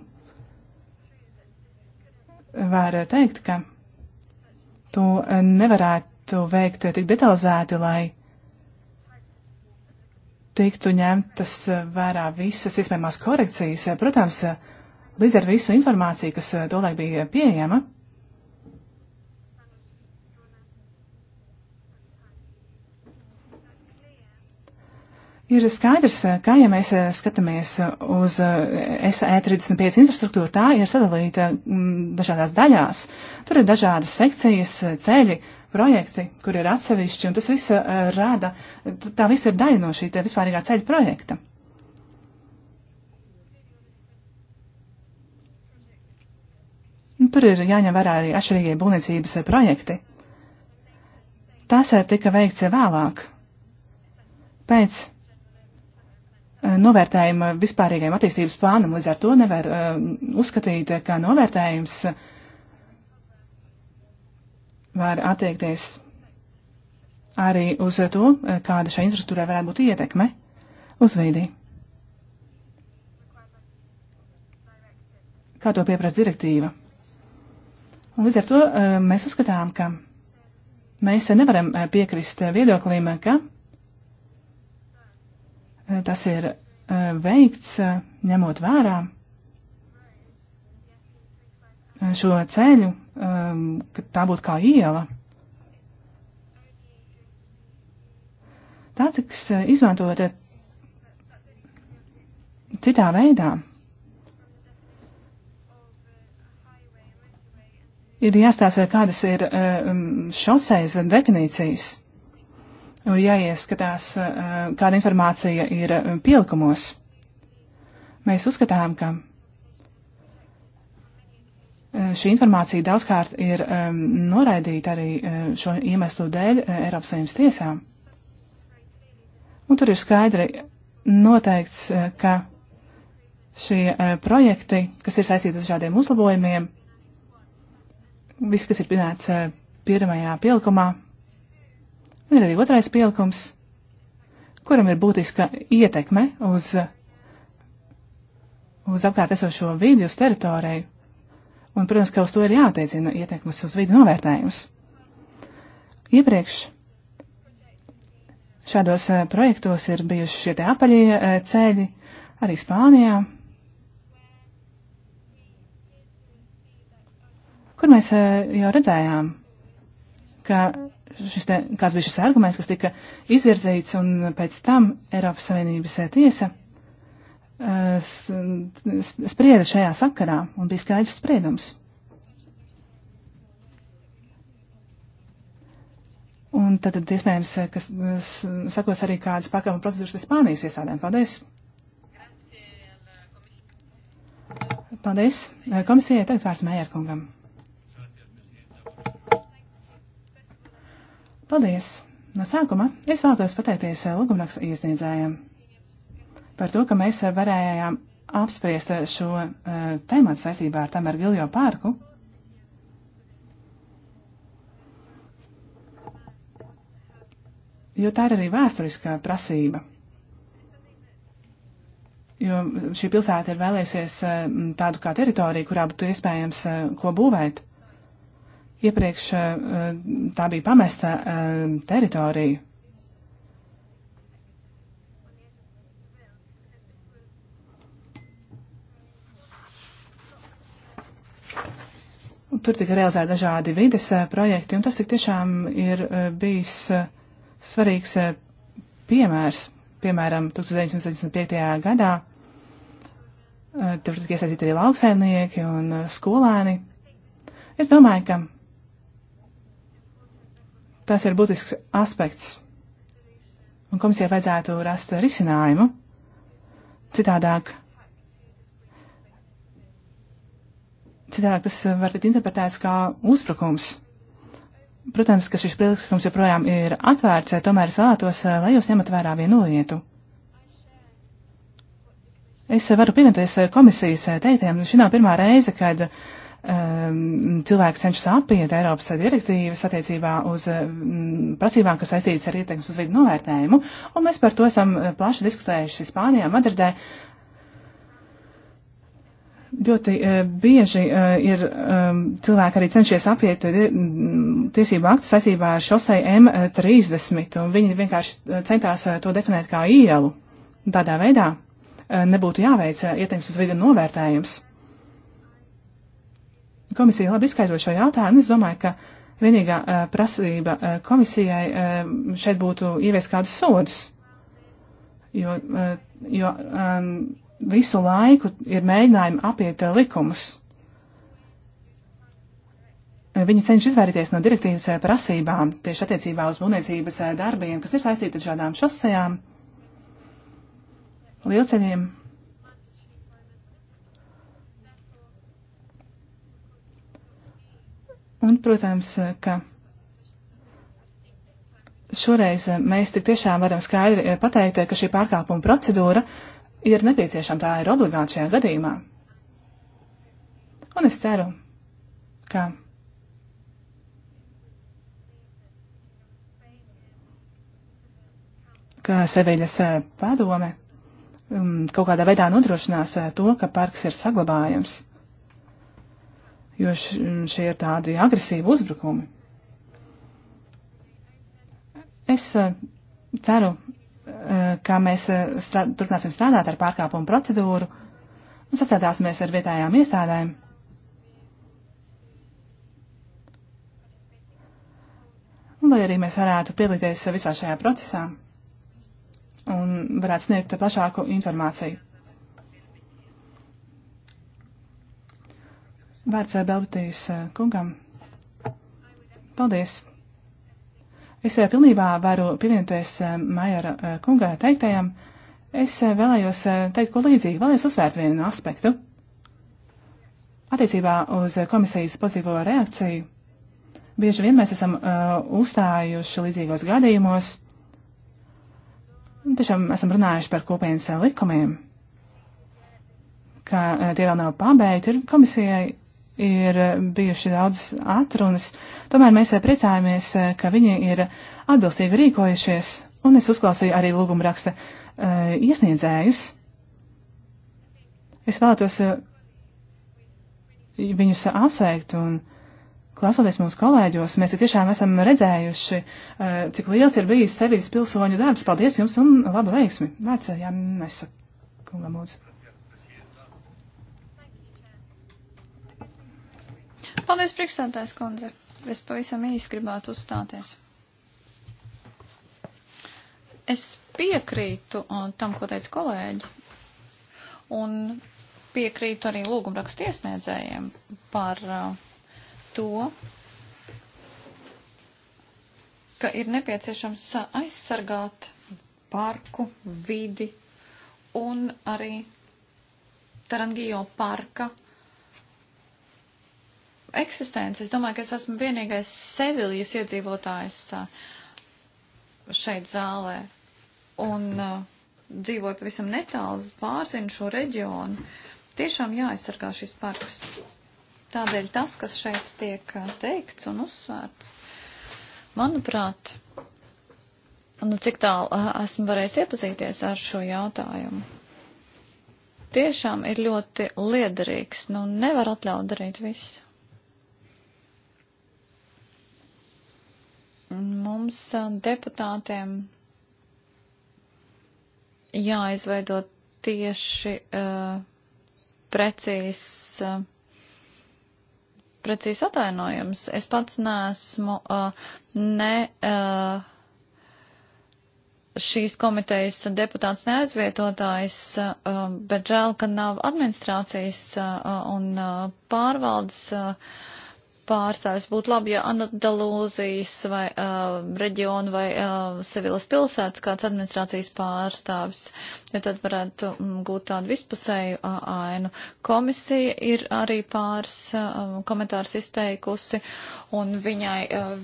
var teikt, ka to nevarētu veikt tik detalizēti, lai tiktu ņemtas vērā visas iespējamās korekcijas. Protams, līdz ar visu informāciju, kas tolaik bija pieejama, Ir skaidrs, eh, kā ja mēs eh, skatāmies eh, uz SE35 infrastruktūru, tā ir sadalīta mm, dažādās daļās. Tur ir dažādas sekcijas, ceļi, projekti, kur ir atsevišķi, un tas viss rada, tā viss ir daļa no šī vispārīgā ceļa projekta. Nu, tur ir jāņem vērā arī atšķirīgie būvniecības projekti. Tas tika veikts vēlāk, pēc Eh, novērtējuma vispārīgajam attīstības plānam. Līdz ar to nevar eh, uzskatīt, ka novērtējums var attiekties arī uz to, eh, kāda šai infrastruktūrai varētu būt ietekme uz vidi. Kā to pieprasa direktīva? Un līdz ar to mēs uzskatām, ka mēs nevaram piekrist viedoklim, ka Eh, tas ir eh, veikts eh, ņemot vērā šo ceļu, ka tā būtu kā iela. Tā tiks izmantota citā veidā. Ir jāstāsta, kādas ir šoseis definīcijas un jāieskatās, eh, kāda informācija ir eh, pielikumos. Mēs uzskatām, ka eh, šī informācija daudzkārt ir um, noraidīta arī šo iemeslu dēļ Eiropas Savienības tiesām. Un tur ir skaidri noteikts, ka šie projekti, kas ir saistīti ar šādiem uzlabojumiem, viss, kas ir pinēts pirmajā pielikumā, Un ir arī otrais pielikums, kuram ir būtiska ietekme uz, uz apkārt esošo vidi, uz teritoriju. Un, protams, ka uz to ir jāteicina ietekmes uz vidi novērtējums. Iepriekš šādos eh, projektos ir bijuši šie te apaļie eh, ceļi arī Spānijā, kur mēs eh, jau redzējām, ka šis te, kāds bija šis arguments, kas tika izvirzīts, un pēc tam Eiropas Savienības eh, tiesa eh, sprieda šajā sakarā, un bija skaidrs spriedums. Un tad, tad iespējams, eh, kas sakos arī kādas pakāpuma procedūras pie Spānijas iestādēm. Paldies! Paldies! Komisijai tagad vārds Mējērkungam. Paldies! No sākuma es vēlētos pateikties eh, lūgumraksta iesniedzējiem par to, ka mēs eh, varējām apspriest eh, šo uh, tēmu saistībā ar Tamaru Giljo pārku. Jo tā ir arī vēsturiskā prasība. Jo šī pilsēta ir vēlēsies uh, tādu kā teritoriju, kurā būtu iespējams uh, ko būvēt. Iepriekš eh, tā bija pamesta eh, teritorija. Tur tika realizēti dažādi vides eh, projekti, un tas tik tiešām ir bijis svarīgs piemērs. Piemēram, 1975. gadā tur tika iesaistīti arī lauksaimnieki un skolēni. Es domāju, ka Tas ir būtisks aspekts. Un komisijai vajadzētu rast risinājumu. Citādāk, citādāk tas var tikt interpretēts kā uzbrukums. Protams, ka šis priekšlikums joprojām ir atvērts, tomēr es vēlētos, lai jūs ņemat vērā vienu lietu. Es varu pievienoties komisijas teiktiem, šī nav pirmā reize, kad uh, um, cilvēki cenšas apiet Eiropas direktīvas attiecībā uz um, prasībām, kas saistītas ar ietekmes uz vidu novērtējumu, un mēs par to esam eh, plaši diskutējuši Spānijā, Madridē. Ļoti uh, bieži uh, ir um, cilvēki arī cenšies apiet uh, tiesību aktu saistībā ar šosei M30, un viņi vienkārši centās uh, to definēt kā ielu. Tādā veidā uh, nebūtu jāveic uh, ietekmes uz vidu novērtējums. Uh, Komisija labi izskaidro šo jautājumu. Es domāju, ka vienīgā uh, prasība uh, komisijai uh, šeit būtu ievies kādus sodus. Jo, uh, jo um, visu laiku ir mēģinājumi apiet uh, likumus. Viņi cenšas izvairīties no direktīvas prasībām tieši attiecībā uz būvniecības darbiem, kas ir saistīti ar šādām šosejām, lielceļiem Un, protams, ka šoreiz mēs tik tiešām varam skaidri pateikt, ka šī pārkāpuma procedūra ir nepieciešama, tā ir obligāta šajā gadījumā. Un es ceru, ka. ka Seviļas eh, padome mm, kaut kādā veidā nodrošinās eh, to, ka parks ir saglabājams jo šie ir tādi agresīvi uzbrukumi. Es eh, ceru, eh, ka mēs eh, strād, turpināsim strādāt ar pārkāpumu procedūru un sastrādāsimies ar vietējām iestādēm. Vai arī mēs varētu piedalīties visā šajā procesā un varētu sniegt plašāku informāciju. Vārds eh, Belbatīs eh, kungam. Paldies! Es eh, pilnībā varu pievienoties Majora kungā teiktajam. Es vēlējos teikt ko līdzīgu, vēlējos uzsvērt vienu aspektu. Attiecībā uz komisijas pozitīvo reakciju bieži vien mēs esam uh, uzstājuši līdzīgos gadījumos. Tiešām esam runājuši par kopienas likumiem, ka uh, tie vēl nav pabeigti, ir komisijai ir bijuši daudz atrunas, tomēr mēs eh, priecājamies, eh, ka viņi ir atbilstīgi rīkojušies, un es uzklausīju arī lūgumraksta eh, iesniedzējus. Es vēlētos viņus apsveikt un klausoties mūsu kolēģos, mēs tiešām esam redzējuši, cik liels ir bijis sevis pilsoņu darbs. Paldies jums un labu veiksmi! Vecajām nesakungam
lūdzu. Paldies, priekšsēdētājs kundze. Es pavisam īsi gribētu uzstāties. Es piekrītu uh, tam, ko teica kolēģi, un piekrītu arī lūgumrakstu iesniedzējiem par uh, to, ka ir nepieciešams aizsargāt parku vidi un arī Tarangijo parka eksistenci. Es domāju, ka es esmu vienīgais Sevilijas iedzīvotājs uh, šeit zālē un uh, dzīvoju pavisam netālu, pārzinu šo reģionu. Tiešām jāaizsargā šis parks. Tādēļ tas, kas šeit tiek uh, teikts un uzsvērts, manuprāt, nu cik tālu esmu varējis iepazīties ar šo jautājumu tiešām ir ļoti liederīgs. Nu, nevar atļaut darīt visu. Mums deputātiem jāizveido tieši uh, precīzs. Uh, precīzi atvainojums. Es pats neesmu uh, ne uh, šīs komitejas deputāts neaizvietotājs, uh, bet žēl, ka nav administrācijas uh, un uh, pārvaldes. Uh, pārstāvis. Būtu labi, ja Andalūzijas vai uh, reģiona vai uh, Sevilas pilsētas kāds administrācijas pārstāvis, jo tad varētu um, gūt tādu vispusēju uh, ainu. Komisija ir arī pāris uh, komentārs izteikusi, un viņai uh,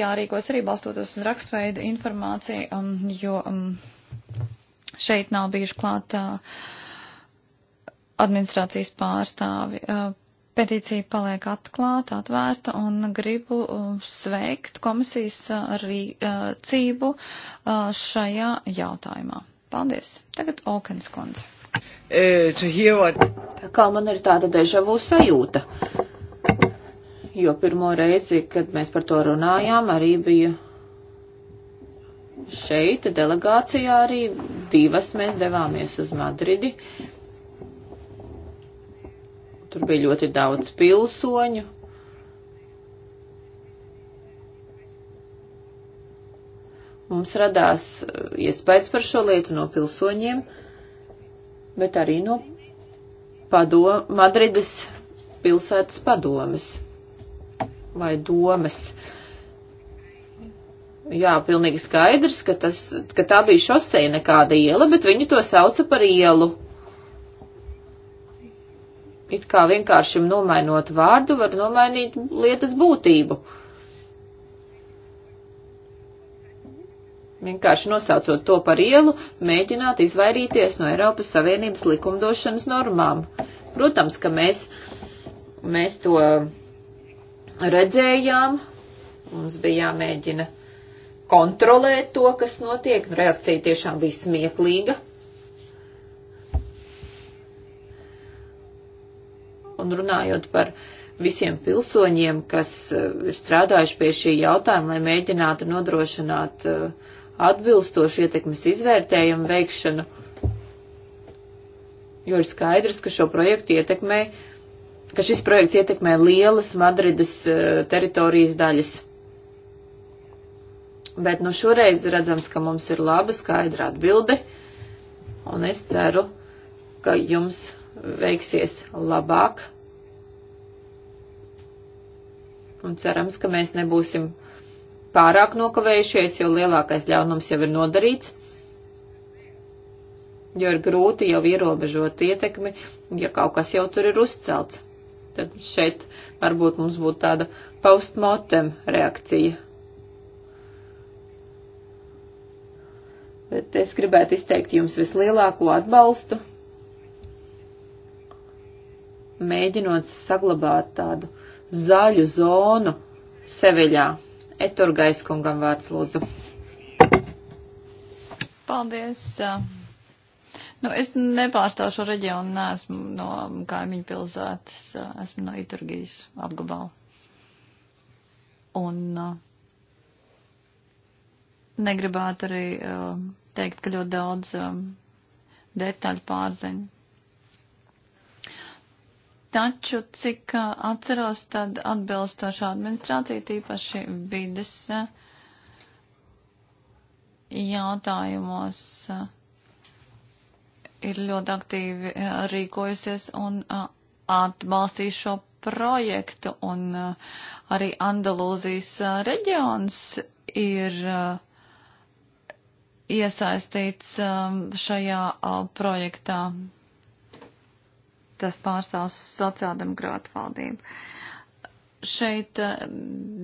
jārīkojas arī balstoties uz rakstveida informāciju, um, jo um, šeit nav bijuši klāt uh, administrācijas pārstāvi. Uh, Petīcija paliek atklāta, atvērta un gribu um, sveikt komisijas uh, rīcību uh, uh, šajā jautājumā. Paldies. Tagad Okens kundze.
Eh, Tā kā man ir tāda dežavu sajūta, jo pirmo reizi, kad mēs par to runājām, arī bija šeit delegācijā arī divas mēs devāmies uz Madridi. Uh, Tur bija ļoti daudz pilsoņu. Mums radās uh, iespējas par šo lietu no pilsoņiem, bet arī no padom, Madrides pilsētas padomes vai domes. Jā, pilnīgi skaidrs, ka, tas, ka tā bija šoseja nekāda iela, bet viņi to sauca par ielu it kā vienkārši nomainot vārdu, var nomainīt lietas būtību. Vienkārši nosaucot to par ielu, mēģināt izvairīties no Eiropas Savienības likumdošanas normām. Protams, ka mēs, mēs to redzējām, mums bija jāmēģina kontrolēt to, kas notiek. Reakcija tiešām bija smieklīga. un runājot par visiem pilsoņiem, kas eh, ir strādājuši pie šī jautājuma, lai mēģinātu nodrošināt eh, atbilstošu ietekmes izvērtējumu veikšanu, jo ir skaidrs, ka šo projektu ietekmē, ka šis projekts ietekmē lielas Madrides eh, teritorijas daļas. Bet nu šoreiz redzams, ka mums ir laba skaidra atbilde, un es ceru, ka jums veiksies labāk un cerams, ka mēs nebūsim pārāk nokavējušies, jo lielākais ļaunums jau ir nodarīts, jo ir grūti jau ierobežot ietekmi, ja kaut kas jau tur ir uzcelts. Tad šeit varbūt mums būtu tāda postmortem reakcija. Bet es gribētu izteikt jums vislielāko atbalstu, mēģinot saglabāt tādu uh, zaļu zonu Seviļā. Eturgais kungam vārds lūdzu.
Paldies. Nu, es nepārstāvu šo reģionu, neesmu no kaimiņu pilsētas, esmu no Iturgijas apgabala. Un uh, negribētu arī uh, teikt, ka ļoti daudz um, detaļu pārziņu Taču, cik atceros, tad atbilstošā administrācija, tīpaši vides jautājumos, ir ļoti aktīvi rīkojusies un atbalstīs šo projektu. Un arī Andalūzijas reģions ir iesaistīts šajā projektā tas pārstāv sociāldemokrātu valdību. Šeit eh,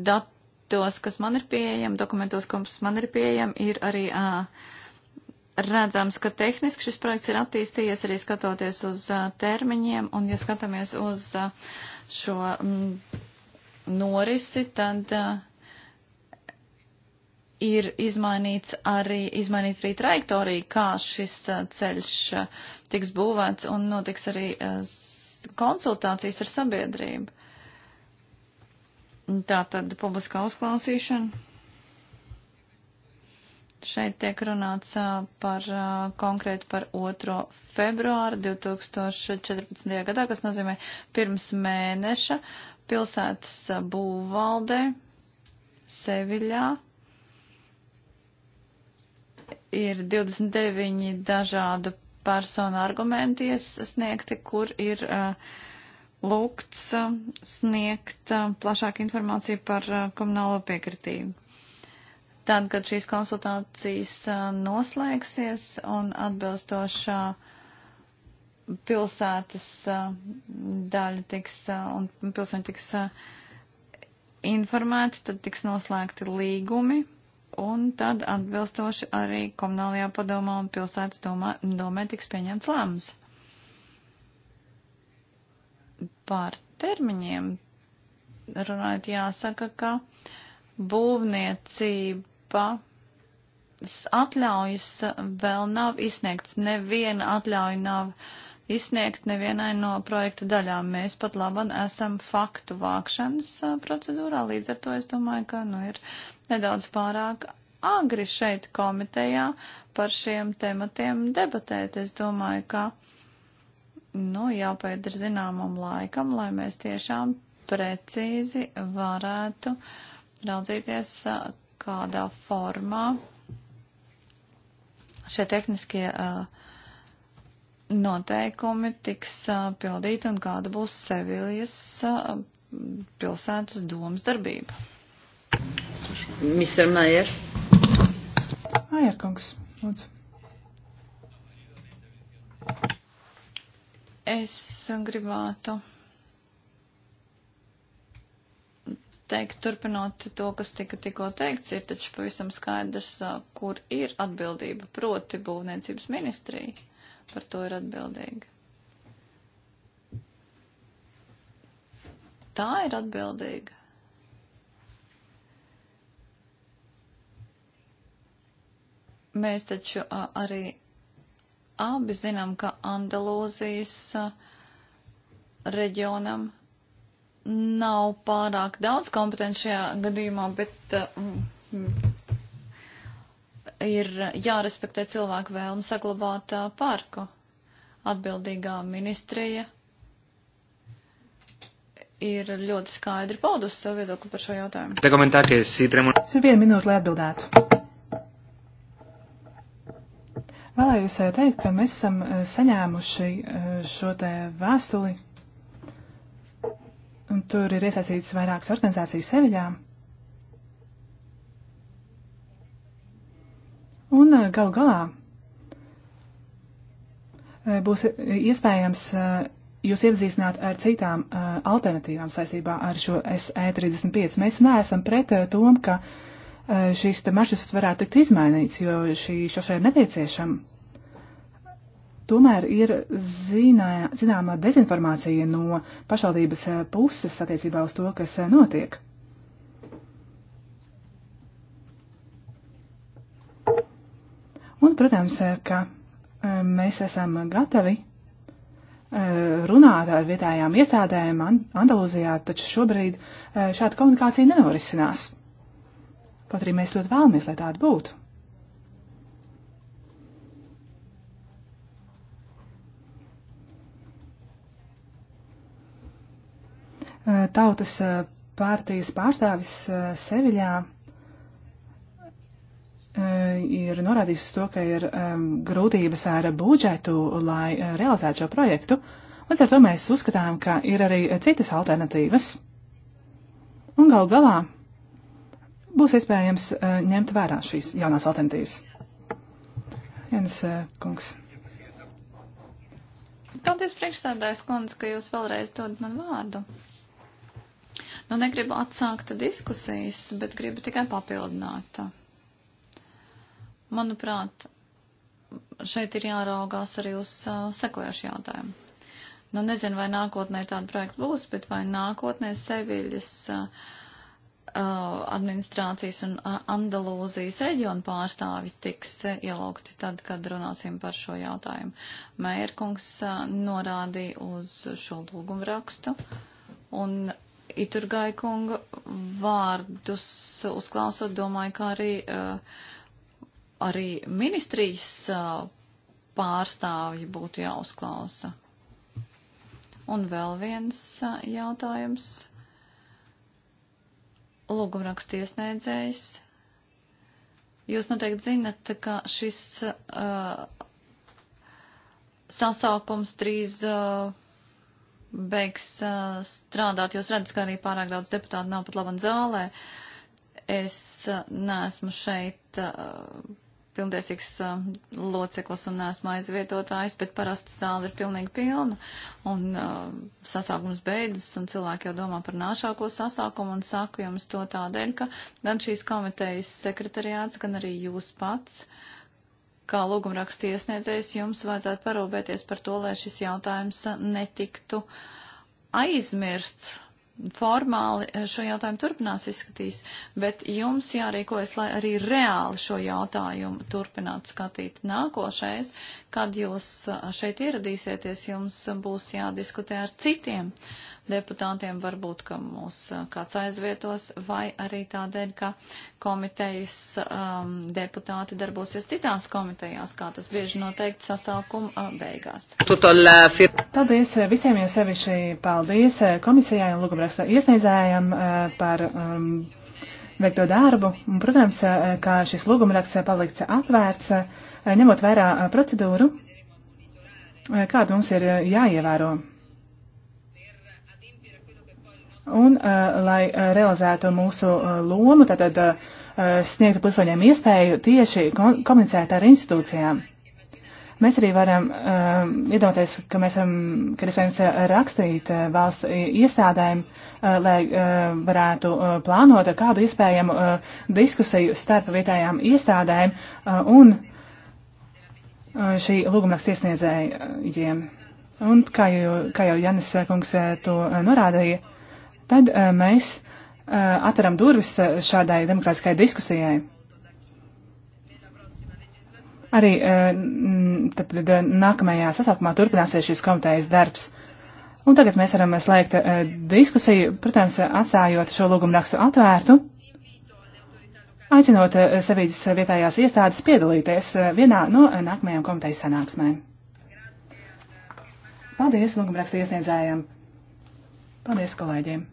datos, kas man ir pieejami, dokumentos, kas man ir pieejami, ir arī uh, redzams, ka tehniski šis projekts ir attīstījies arī skatoties uz uh, termiņiem, un ja skatāmies uz uh, šo mm, norisi, tad. Uh, ir izmainīts arī, izmainīt arī trajektorija, kā šis uh, ceļš uh, tiks būvēts un notiks arī uh, konsultācijas ar sabiedrību. Tā tad publiskā uzklausīšana. Šeit tiek runāts par konkrēti par 2. februāru 2014. gadā, kas nozīmē pirms mēneša pilsētas būvvaldē Seviļā ir 29 dažādu personu argumenti iesniegti, kur ir uh, lūgts uh, sniegt uh, plašāku informāciju par komunālo piekritību. Tad, kad šīs konsultācijas noslēgsies un atbilstošā pilsētas daļa tiks un pilsoņi tiks informēti, tad tiks noslēgti līgumi un tad atbilstoši arī komunālajā padomā un pilsētas domā, domē tiks pieņemts lēmums. Par termiņiem runājot jāsaka, ka būvniecība atļaujas vēl nav izsniegts, neviena atļauja nav uh, izsniegt nevienai no projekta daļām. Mēs pat laban esam faktu vākšanas procedūrā, līdz ar to es domāju, ka nu, ir nedaudz pārāk agri šeit komitejā par šiem tematiem debatēt. Es domāju, ka nu, jāpēc ir zināmam laikam, lai mēs tiešām precīzi varētu raudzīties, kādā formā šie tehniskie uh, noteikumi tiks pildīti un kāda būs Sevilijas pilsētas domas darbība. Mr. Maier. Maier kungs, lūdzu. Es gribētu teikt, turpinot to, kas tika tikko teikts, ir taču pavisam skaidrs, kur ir atbildība, proti būvniecības ministrija par to ir atbildīga. Tā ir atbildīga. Mēs taču arī abi zinām, ka Andalūzijas reģionam nav pārāk daudz kompetenci šajā gadījumā, bet ir jārespektē cilvēku vēlme saglabāt uh, parku. Atbildīgā ministrija ir ļoti skaidri paudusi savu viedokli par šo jautājumu.
Te komentārties sītremu. Es ir vienu minūti, lai atbildētu. Vēlējos teikt, ka mēs esam saņēmuši šo te vēstuli, un tur ir iesaistīts vairākas organizācijas Seviļām. Un eh, gal galā eh, būs eh, iespējams jūs iepazīstināt ar citām alternatīvām saistībā ar šo SE35. Mēs neesam pret tom, ka šīs maršruts varētu tikt izmainīts, jo šī šošai ir nepieciešama tomēr ir zinā, zināma dezinformācija no pašvaldības puses attiecībā uz to, kas notiek. Un, protams, ka e, mēs esam gatavi e, runāt ar vietējām iestādēm Andalūzijā, taču šobrīd e, šāda komunikācija nenorisinās. Pat arī mēs ļoti vēlamies, lai tāda būtu. Tautas partijas pārstāvis Seviļā ir norādījis to, ka ir um, grūtības ar budžetu, lai uh, realizētu šo projektu. Līdz ar to mēs uzskatām, ka ir arī citas alternatīvas. Un gal galā būs iespējams uh, ņemt vērā šīs jaunās alternatīvas. Jens uh, Kungs.
Paldies, priekšsēdājs kundze, ka jūs vēlreiz dodat man vārdu. Nu, negribu atsākt diskusijas, bet gribu tikai papildināt. Uh, Manuprāt, šeit ir jāraugās arī uz uh, sekojošu jautājumu. Nu, nezinu, vai nākotnē tāda projekta būs, bet vai nākotnē Seviļas uh, uh administrācijas un uh, Andalūzijas reģionu pārstāvi tiks uh, ielaukti tad, kad runāsim par šo jautājumu. Mērkungs norādīja uz šo lūgumu rakstu un Iturgaikunga vārdus uzklausot, domāju, ka arī uh, arī ministrijas pārstāvji būtu jāuzklausa. Un vēl viens jautājums. Lūgumraksta iesniedzējs. Jūs noteikti zinat, ka šis uh, sasaukums drīz uh, beigs uh, strādāt. Jūs redzat, ka arī pārāk daudz deputātu nav pat labam zālē. Es uh, neesmu šeit. Uh, pilntiesīgs uh, loceklis un esmu aizvietotājs, bet parasti zāle ir pilnīgi pilna un uh, sasākums beidzas un cilvēki jau domā par nāšāko sasākumu un saku jums to tādēļ, ka gan šīs komitejas sekretariāts, gan arī jūs pats. Kā lūgumraksta iesniedzējs jums vajadzētu parūpēties par to, lai šis jautājums netiktu aizmirsts, formāli eh, šo jautājumu turpinās izskatīs, bet jums jārīkojas, lai arī reāli šo jautājumu turpinātu skatīt. Nākošais, Kad jūs šeit ieradīsieties, jums būs jādiskutē ar citiem deputātiem, varbūt, ka mūs kāds aizvietos, vai arī tādēļ, ka komitejas um, deputāti darbosies citās komitejās, kā tas bieži noteikti sasaukuma beigās.
Paldies
visiem, jo sevišķi paldies komisijai un lūgumraksta iesniedzējiem par. Um, veikto darbu, un, protams, kā šis lūgumraksts paliks atvērts, ņemot vērā procedūru, kāda mums ir jāievēro. Un, lai realizētu mūsu lomu, tātad sniegtu pilsoņiem iespēju tieši komunicēt ar institūcijām. Mēs arī varam uh, iedomāties, ka mēs varam, ka iespējams rakstīt uh, valsts iestādēm, uh, lai uh, varētu uh, plānot kādu iespējamu uh, diskusiju starp vietējām iestādēm uh, un uh, šī lūgumraksta iesniedzējiem. Un kā jau, kā jau Janis kungs to norādīja, tad mēs atveram durvis šādai demokrātiskai diskusijai. Arī tad, tad, nākamajā sasaukumā turpināsies šis komitejas darbs. Un tagad mēs varam slēgt diskusiju, protams, atstājot šo lūgumrakstu atvērtu aicinot eh, Sevīdas vietējās iestādes piedalīties eh, vienā no eh, nākamajām komitejas sanāksmēm. Paldies lūgumrakstu iesniedzējiem. Paldies kolēģiem.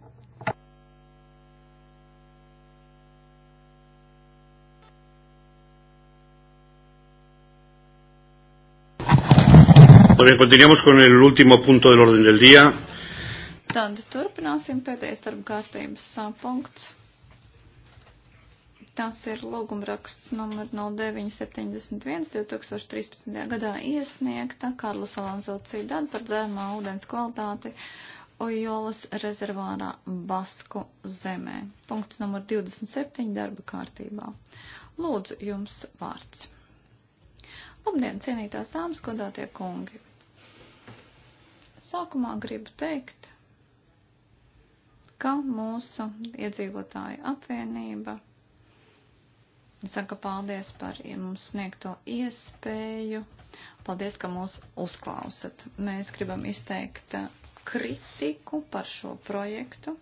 Bien, continuamos con el último punto del orden del día.
Tad turpināsim pēdējais darba kārtības punkts. Tas ir lūgumraksts numur 0971 2013. gadā iesniegta Kārlis Alonso Cidad par dzērmā ūdens kvalitāti Ojolas rezervārā Basku zemē. Punkts numur 27 darba kārtībā. Lūdzu jums vārds. Labdien, cienītās dāmas, godātie kungi. Sākumā gribu teikt, ka mūsu iedzīvotāju apvienība Saka paldies par mums sniegto iespēju. Paldies, ka mūs uzklausat. Mēs gribam izteikt eh, kritiku par šo projektu.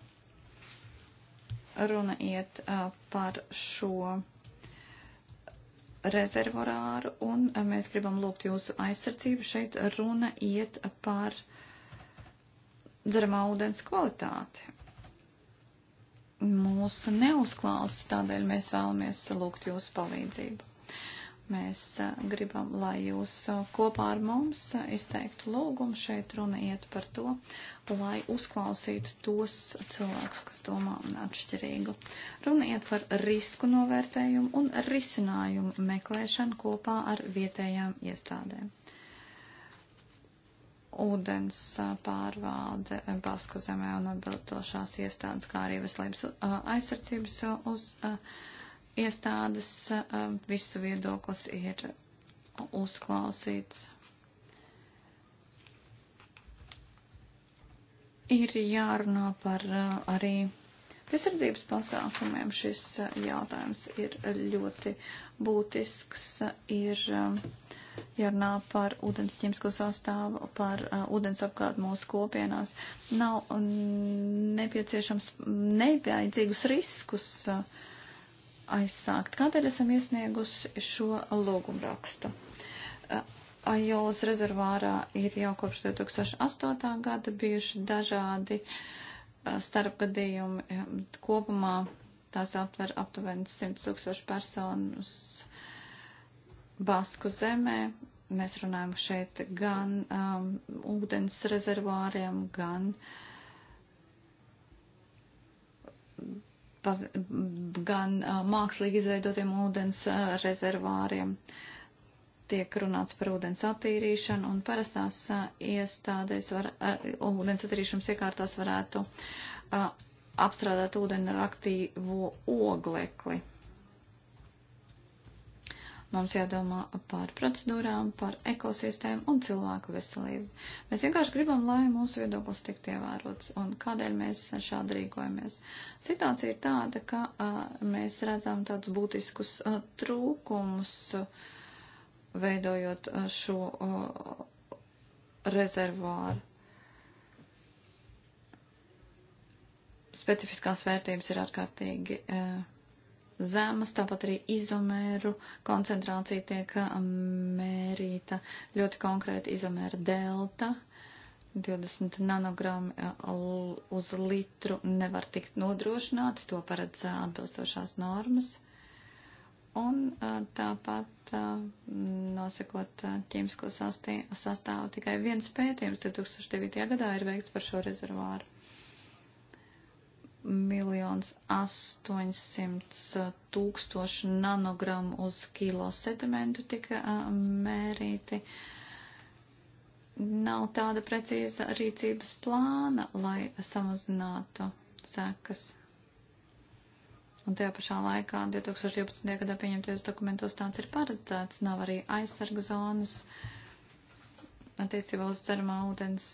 Runa iet eh, par šo rezervorāru un eh, mēs gribam lūgt jūsu aizsardzību. Šeit runa iet par dzeramā ūdens kvalitāti mūs neuzklausa, tādēļ mēs vēlamies lūgt jūsu palīdzību. Mēs gribam, lai jūs kopā ar mums izteiktu lūgumu. Šeit runa iet par to, lai uzklausītu tos cilvēkus, kas domā atšķirīgu. Runa iet par risku novērtējumu un risinājumu meklēšanu kopā ar vietējām iestādēm ūdens pārvalde Basku zemē un atbildošās iestādes, kā arī veselības aizsardzības uz iestādes. Visu viedoklis ir uzklausīts. Ir jārunā par arī Piesardzības pasākumiem šis jautājums ir ļoti būtisks, ir jārunā par ūdens ķemisko sastāvu, par uh, ūdens apkārt mūsu kopienās. Nav um, nepieciešams nevajadzīgus riskus uh, aizsākt. Kādēļ esam iesniegusi šo lūgumrakstu? Uh, Ajolas rezervārā ir jau kopš 2008. gada bijuši dažādi uh, starpgadījumi. Um, kopumā tās aptver aptuveni 100 tūkstoši personas Basku zemē. Mēs runājam šeit gan um, ūdens rezervāriem, gan, paz, gan uh, mākslīgi izveidotiem ūdens uh, rezervāriem. Tiek runāts par ūdens attīrīšanu un parastās uh, iestādēs var, uh, ūdens attīrīšanas iekārtās varētu uh, apstrādāt ūdeni ar aktīvo oglekli Mums jādomā par procedūrām, par ekosistēmu un cilvēku veselību. Mēs vienkārši gribam, lai mūsu viedoklis tiktu ievērots un kādēļ mēs šādi rīkojamies. Situācija ir tāda, ka uh, mēs redzam tādus būtiskus uh, trūkumus, uh, veidojot uh, šo uh, rezervāru. Specifiskās vērtības ir ārkārtīgi. Uh, zemas, tāpat arī izomēru koncentrācija tiek um, mērīta ļoti konkrēti izomēra delta. 20 nanogrammi uh, uz litru nevar tikt nodrošināti, to paredz uh, atbilstošās normas. Un uh, tāpat nosakot ķīmisko sastāvu, tikai viens pētījums 2009. gadā ir veikts par šo rezervāru miljons 800 tūkstošu nanogramu uz kilo sedimentu tika mērīti. Nav tāda precīza rīcības plāna, lai samazinātu sekas. Un tajā pašā laikā 2012. gadā pieņemtajos dokumentos tāds ir paredzēts, nav arī aizsarga zonas. Uh, attiecībā uz dzeramā ūdens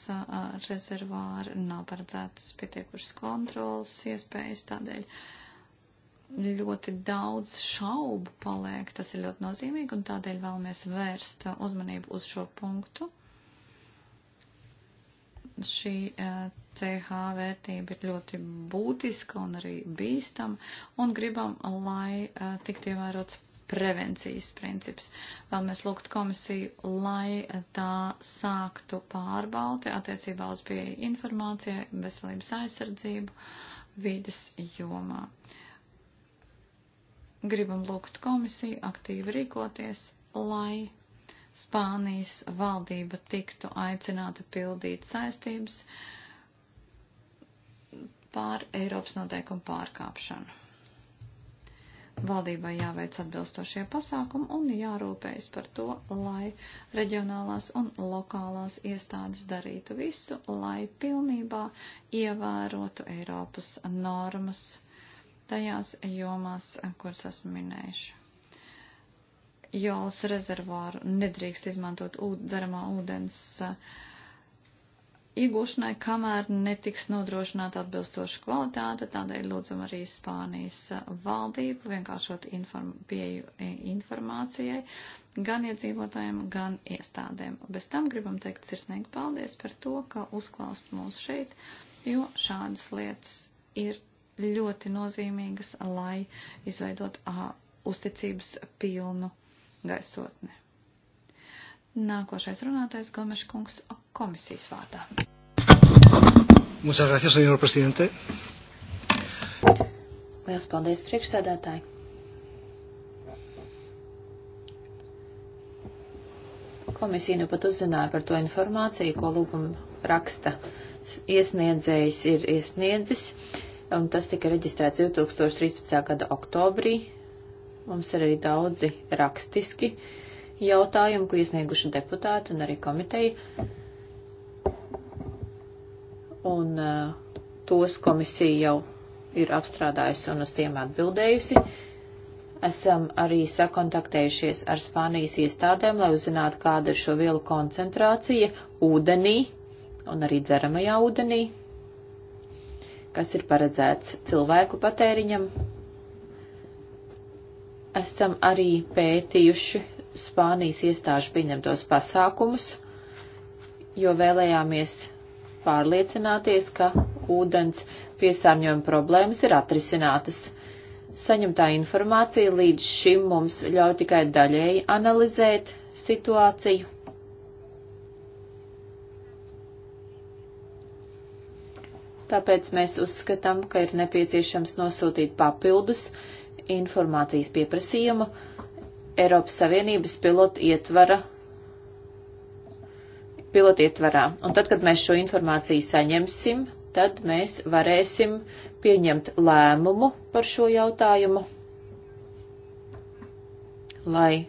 rezervāru nav paredzētas pietiekušas kontrolas iespējas, tādēļ ļoti daudz šaubu paliek, tas ir ļoti nozīmīgi, un tādēļ vēlamies vērst uzmanību uz šo punktu. Šī CH vērtība ir ļoti būtiska un arī bīstama, un gribam, lai tiktu ievērots prevencijas princips. Vēlamies lūgt komisiju, lai tā sāktu pārbaudi attiecībā uz pieeja informācijai, veselības aizsardzību, vides jomā. Gribam lūgt komisiju aktīvi rīkoties, lai Spānijas valdība tiktu aicināta pildīt saistības pār Eiropas noteikumu pārkāpšanu. Valdībai jāveic atbilstošie pasākumi un jārūpējas par to, lai reģionālās un lokālās iestādes darītu visu, lai pilnībā ievērotu Eiropas normas tajās jomās, kuras esmu minējuši. Jolas rezervāru nedrīkst izmantot ūd, dzeramā ūdens uh, iegūšanai, kamēr netiks nodrošināta atbilstoša kvalitāte, tādēļ lūdzam arī Spānijas valdību vienkāršot inform pieju informācijai gan iedzīvotājiem, gan iestādēm. Bez tam gribam teikt sirsnīgi paldies par to, ka uzklaust mūs šeit, jo šādas lietas ir ļoti nozīmīgas, lai izveidot ā, uzticības pilnu
gaisotni.
Nākošais runātais Gomeša kungs. Oh komisijas vārdā.
Muchas gracias, señor presidente.
Lielas paldies, priekšsēdētāji. Komisija nu pat uzzināja par to informāciju, ko lūguma raksta iesniedzējs ir iesniedzis, un tas tika reģistrēts 2013. gada oktobrī. Mums ir arī daudzi rakstiski jautājumi, ko iesnieguši deputāti un arī komiteja un uh, tos komisija jau ir apstrādājusi un uz tiem atbildējusi. Esam arī sakontaktējušies ar Spānijas iestādēm, lai uzzinātu, kāda ir šo vielu koncentrācija ūdenī un arī dzeramajā ūdenī, kas ir paredzēts cilvēku patēriņam. Esam arī pētījuši Spānijas iestāžu pieņemtos pasākumus, jo vēlējāmies pārliecināties, ka ūdens piesārņojuma problēmas ir atrisinātas. Saņemtā informācija līdz šim mums ļauj tikai daļēji analizēt situāciju. Tāpēc mēs uzskatām, ka ir nepieciešams nosūtīt papildus informācijas pieprasījumu Eiropas Savienības pilotu ietvara pilotietvarā. Un tad, kad mēs šo informāciju saņemsim, tad mēs varēsim pieņemt lēmumu par šo jautājumu, lai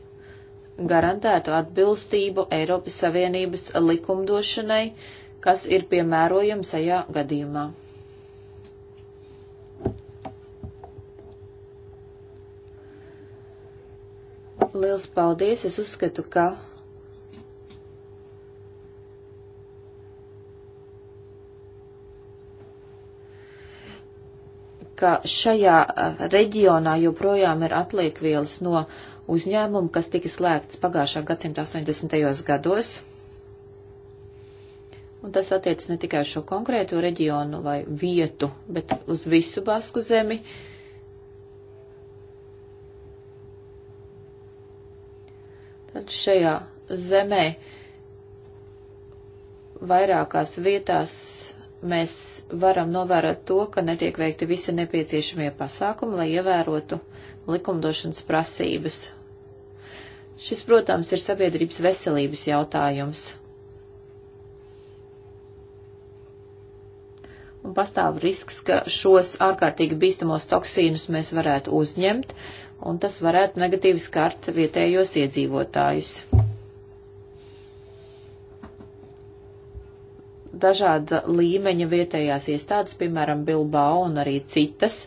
garantētu atbilstību Eiropas Savienības likumdošanai, kas ir piemērojams šajā gadījumā. Liels paldies! Es uzskatu, ka ka šajā eh, reģionā joprojām ir atliekvielas no uzņēmumu, kas tika slēgts pagājušā gadsimta 80. gados. Un tas attiec ne tikai uz šo konkrēto reģionu vai vietu, bet uz visu Basku zemi. Tad šajā zemē vairākās vietās mēs varam novērot to, ka netiek veikti visi nepieciešamie pasākumi, lai ievērotu likumdošanas prasības. Šis, protams, ir sabiedrības veselības jautājums. Un pastāv risks, ka šos ārkārtīgi bīstamos toksīnus mēs varētu uzņemt, un tas varētu negatīvi skart vietējos iedzīvotājus. dažāda līmeņa vietējās iestādes, piemēram, Bilbao un arī citas.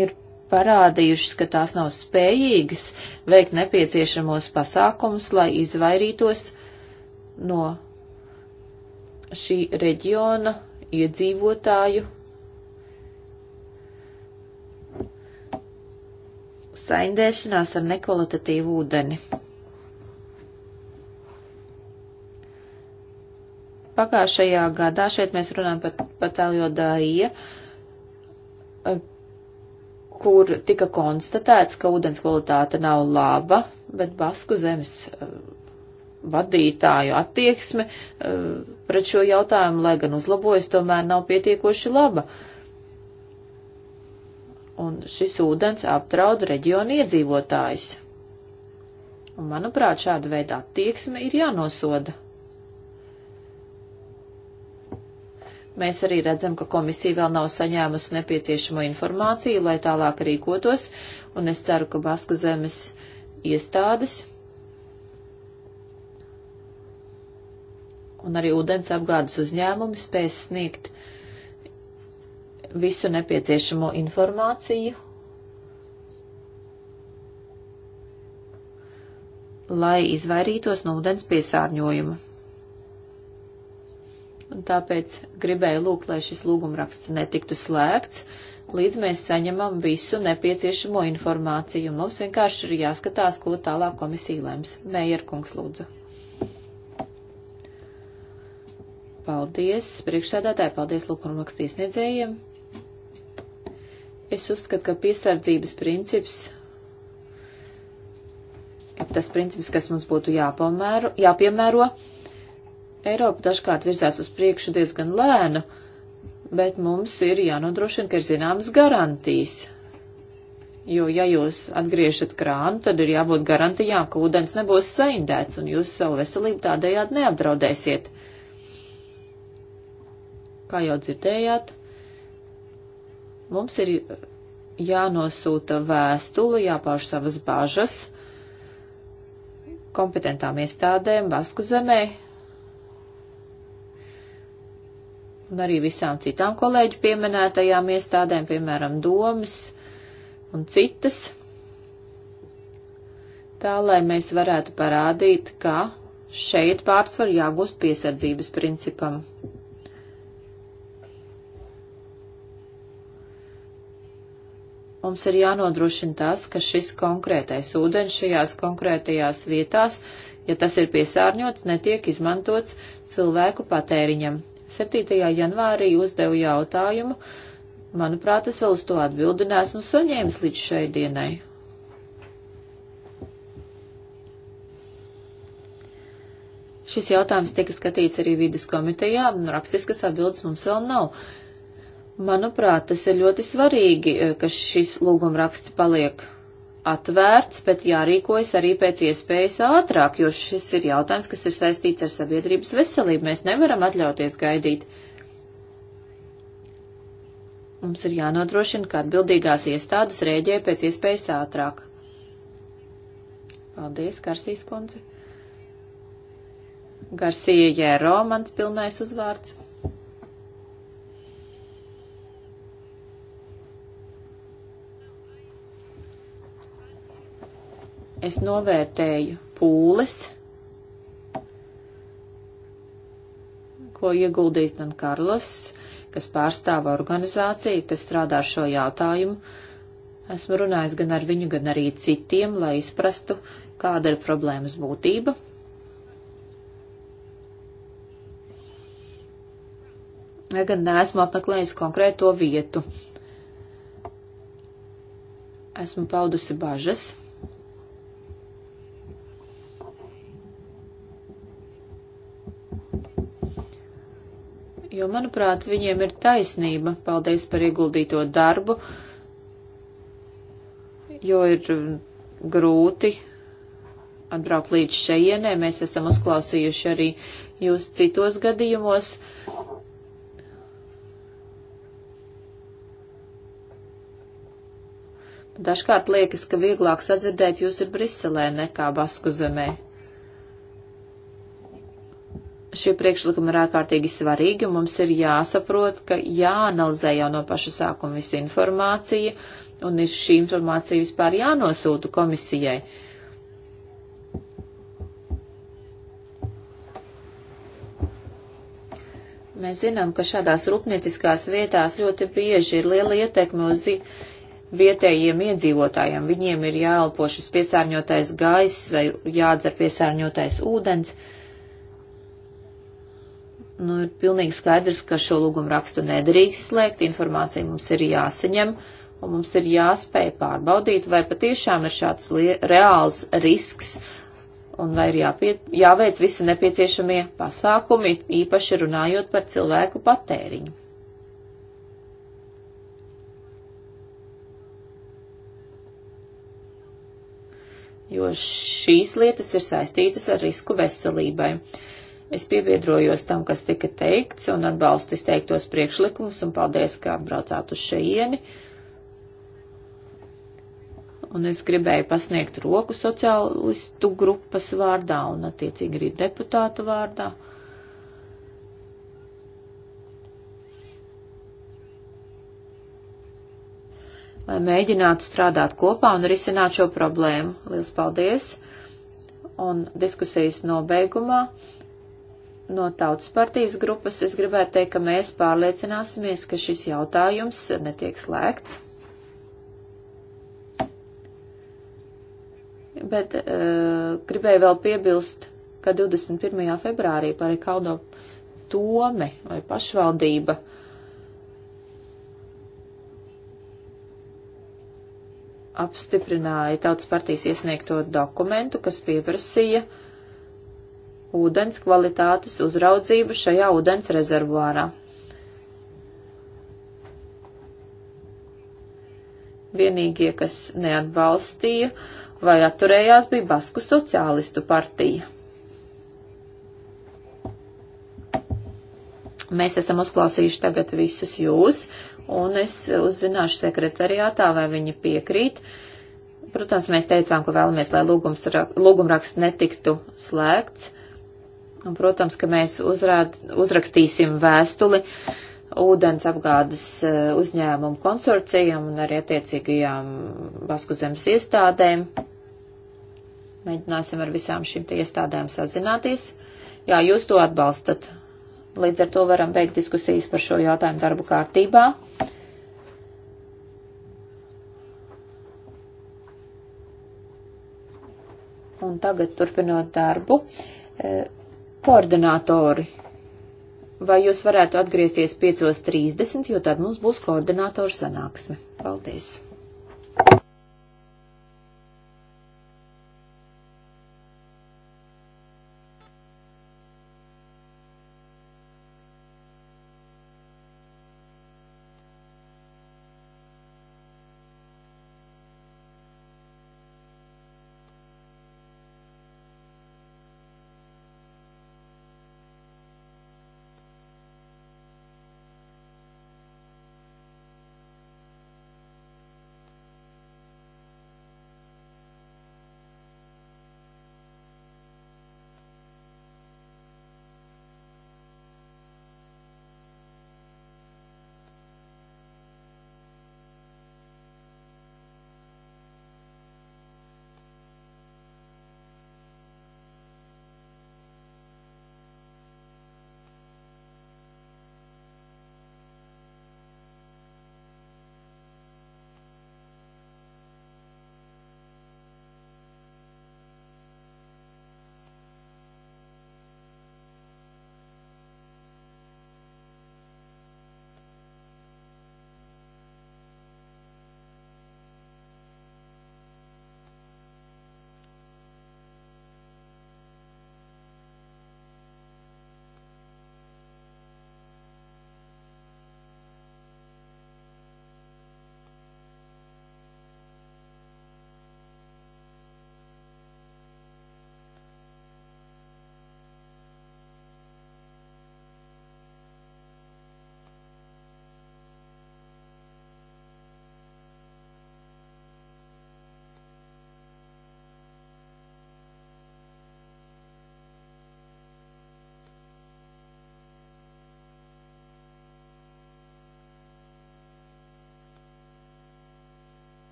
Ir parādījušas, ka tās nav spējīgas veikt nepieciešamos pasākumus, lai izvairītos no šī reģiona iedzīvotāju saindēšanās ar nekvalitatīvu ūdeni. Pagājušajā gadā šeit mēs runājam par Pataljodāija, eh, kur tika konstatēts, ka ūdens kvalitāte nav laba, bet Basku zemes eh, vadītāju attieksme eh, pret šo jautājumu, lai gan uzlabojas, tomēr nav pietiekoši laba. Uh, un šis ūdens apdraud reģionu iedzīvotājus. Un, manuprāt, šāda veida attieksme ir jānosoda. Mēs arī redzam, ka komisija vēl nav saņēmusi nepieciešamo informāciju, lai tālāk rīkotos, un es ceru, ka Basku zemes iestādes un arī ūdens apgādes uzņēmumi spēs sniegt uh, visu nepieciešamo informāciju, lai izvairītos no ūdens piesārņojuma. Un tāpēc gribēju lūgt, lai šis lūgumraksts netiktu slēgts, līdz mēs saņemam visu nepieciešamo informāciju. Mums vienkārši ir jāskatās, ko tālāk komisija lems. Mējer kungs lūdzu. Paldies, priekšsēdētāji, paldies lūgumraksta izniedzējiem. Es uzskatu, ka piesardzības princips ir tas princips, kas mums būtu jāpamēro, jāpiemēro. Eiropa dažkārt virzās uz priekšu diezgan lēnu, bet mums ir jānodrošina, ka ir zināmas garantijas. Jo, ja jūs atgriežat krānu, tad ir jābūt garantijām, ka ūdens nebūs saindēts un jūs savu veselību tādējādi neapdraudēsiet. Kā jau dzirdējāt, Mums ir jānosūta vēstule, jāpauž savas bažas kompetentām iestādēm Basku zemē un arī visām citām kolēģu pieminētajām iestādēm, piemēram, domas un citas, tā lai mēs varētu parādīt, ka šeit pārsvaru jāgūst piesardzības principam. Mums ir jānodrošina tas, ka šis konkrētais ūdens šajās konkrētajās vietās, ja tas ir piesārņots, netiek izmantots cilvēku patēriņam. 7. janvārī uzdevu jautājumu, manuprāt, es vēl uz to atbildi nesmu saņēmis līdz šai dienai. Šis jautājums tika skatīts arī vidas komitejā, un rakstiskas atbildes mums vēl nav. Manuprāt, tas ir ļoti svarīgi, eh, ka šis lūgumraksts paliek atvērts, bet jārīkojas arī pēc iespējas ātrāk, jo šis ir jautājums, kas ir saistīts ar sabiedrības veselību. Mēs nevaram atļauties gaidīt. Mums ir jānodrošina, ka atbildīgās iestādes rēģē pēc iespējas ātrāk. Paldies, Karsīs kundze. Garsija Jēro, mans pilnais uzvārds. es novērtēju pūles, ko ieguldīs Dan Karlos, kas pārstāva organizāciju, kas strādā ar šo jautājumu. Esmu runājis gan ar viņu, gan arī citiem, lai izprastu, kāda ir problēmas būtība. Lai gan neesmu apmeklējis konkrēto vietu. Esmu paudusi bažas. jo, manuprāt, viņiem ir taisnība. Paldies par ieguldīto darbu, jo ir um, grūti atbraukt līdz šejienē. Mēs esam uzklausījuši arī jūs citos gadījumos. Dažkārt liekas, ka vieglāk sadzirdēt jūs ir Briselē nekā Basku zemē šie priekšlikumi ir ārkārtīgi svarīgi, un mums ir jāsaprot, ka jāanalizē jau no paša sākuma visa informācija, un ir šī informācija vispār jānosūta komisijai. Mēs zinām, ka šādās rūpnieciskās vietās ļoti bieži ir liela ietekme uz vietējiem iedzīvotājiem. Viņiem ir jāelpo šis piesārņotais gaiss vai jādzer piesārņotais ūdens. Uh, nu, ir pilnīgi skaidrs, ka šo lūgumu rakstu nedrīkst slēgt, informācija mums ir jāsaņem, un mums ir jāspēj pārbaudīt, vai patiešām ir šāds reāls risks, un vai ir jāpiet, jāveic visi nepieciešamie pasākumi, īpaši runājot par cilvēku patēriņu. Jo šīs lietas ir saistītas ar risku veselībai. Uh, Es piebiedrojos tam, kas tika teikts, un atbalstu izteiktos priekšlikumus, un paldies, ka atbraucāt uz šeieni. Un es gribēju pasniegt roku sociālistu grupas vārdā un attiecīgi arī deputātu vārdā. Lai mēģinātu strādāt kopā un risināt šo problēmu. Lielas paldies! Un diskusijas nobeigumā no tautas partijas grupas es gribētu teikt, ka mēs pārliecināsimies, ka šis jautājums netiek slēgts. Bet uh, gribēju vēl piebilst, ka 21. februārī par Rikaldo tome vai pašvaldība apstiprināja Tautas partijas iesniegto dokumentu, kas pieprasīja uh, ūdens kvalitātes uzraudzību šajā ūdens rezervuārā. Vienīgie, kas neatbalstīja vai atturējās, bija Basku sociālistu partija. Mēs esam uzklausījuši tagad visus jūs, un es uzzināšu sekretariātā, vai viņi piekrīt. Protams, mēs teicām, ka vēlamies, lai lūgumraksts netiktu slēgts Un, protams, ka mēs uzrād, uzrakstīsim vēstuli ūdens apgādes eh, uzņēmumu konsorcijam un arī attiecīgajām Basku zemes iestādēm. Mēģināsim ar visām šīm iestādēm sazināties. Jā, jūs to atbalstat. Līdz ar to varam beigt diskusijas par šo jautājumu darbu kārtībā. Un tagad turpinot darbu. Uh, Koordinātori. Vai jūs varētu atgriezties 5.30, jo tad mums būs koordinātoru sanāksme. Paldies!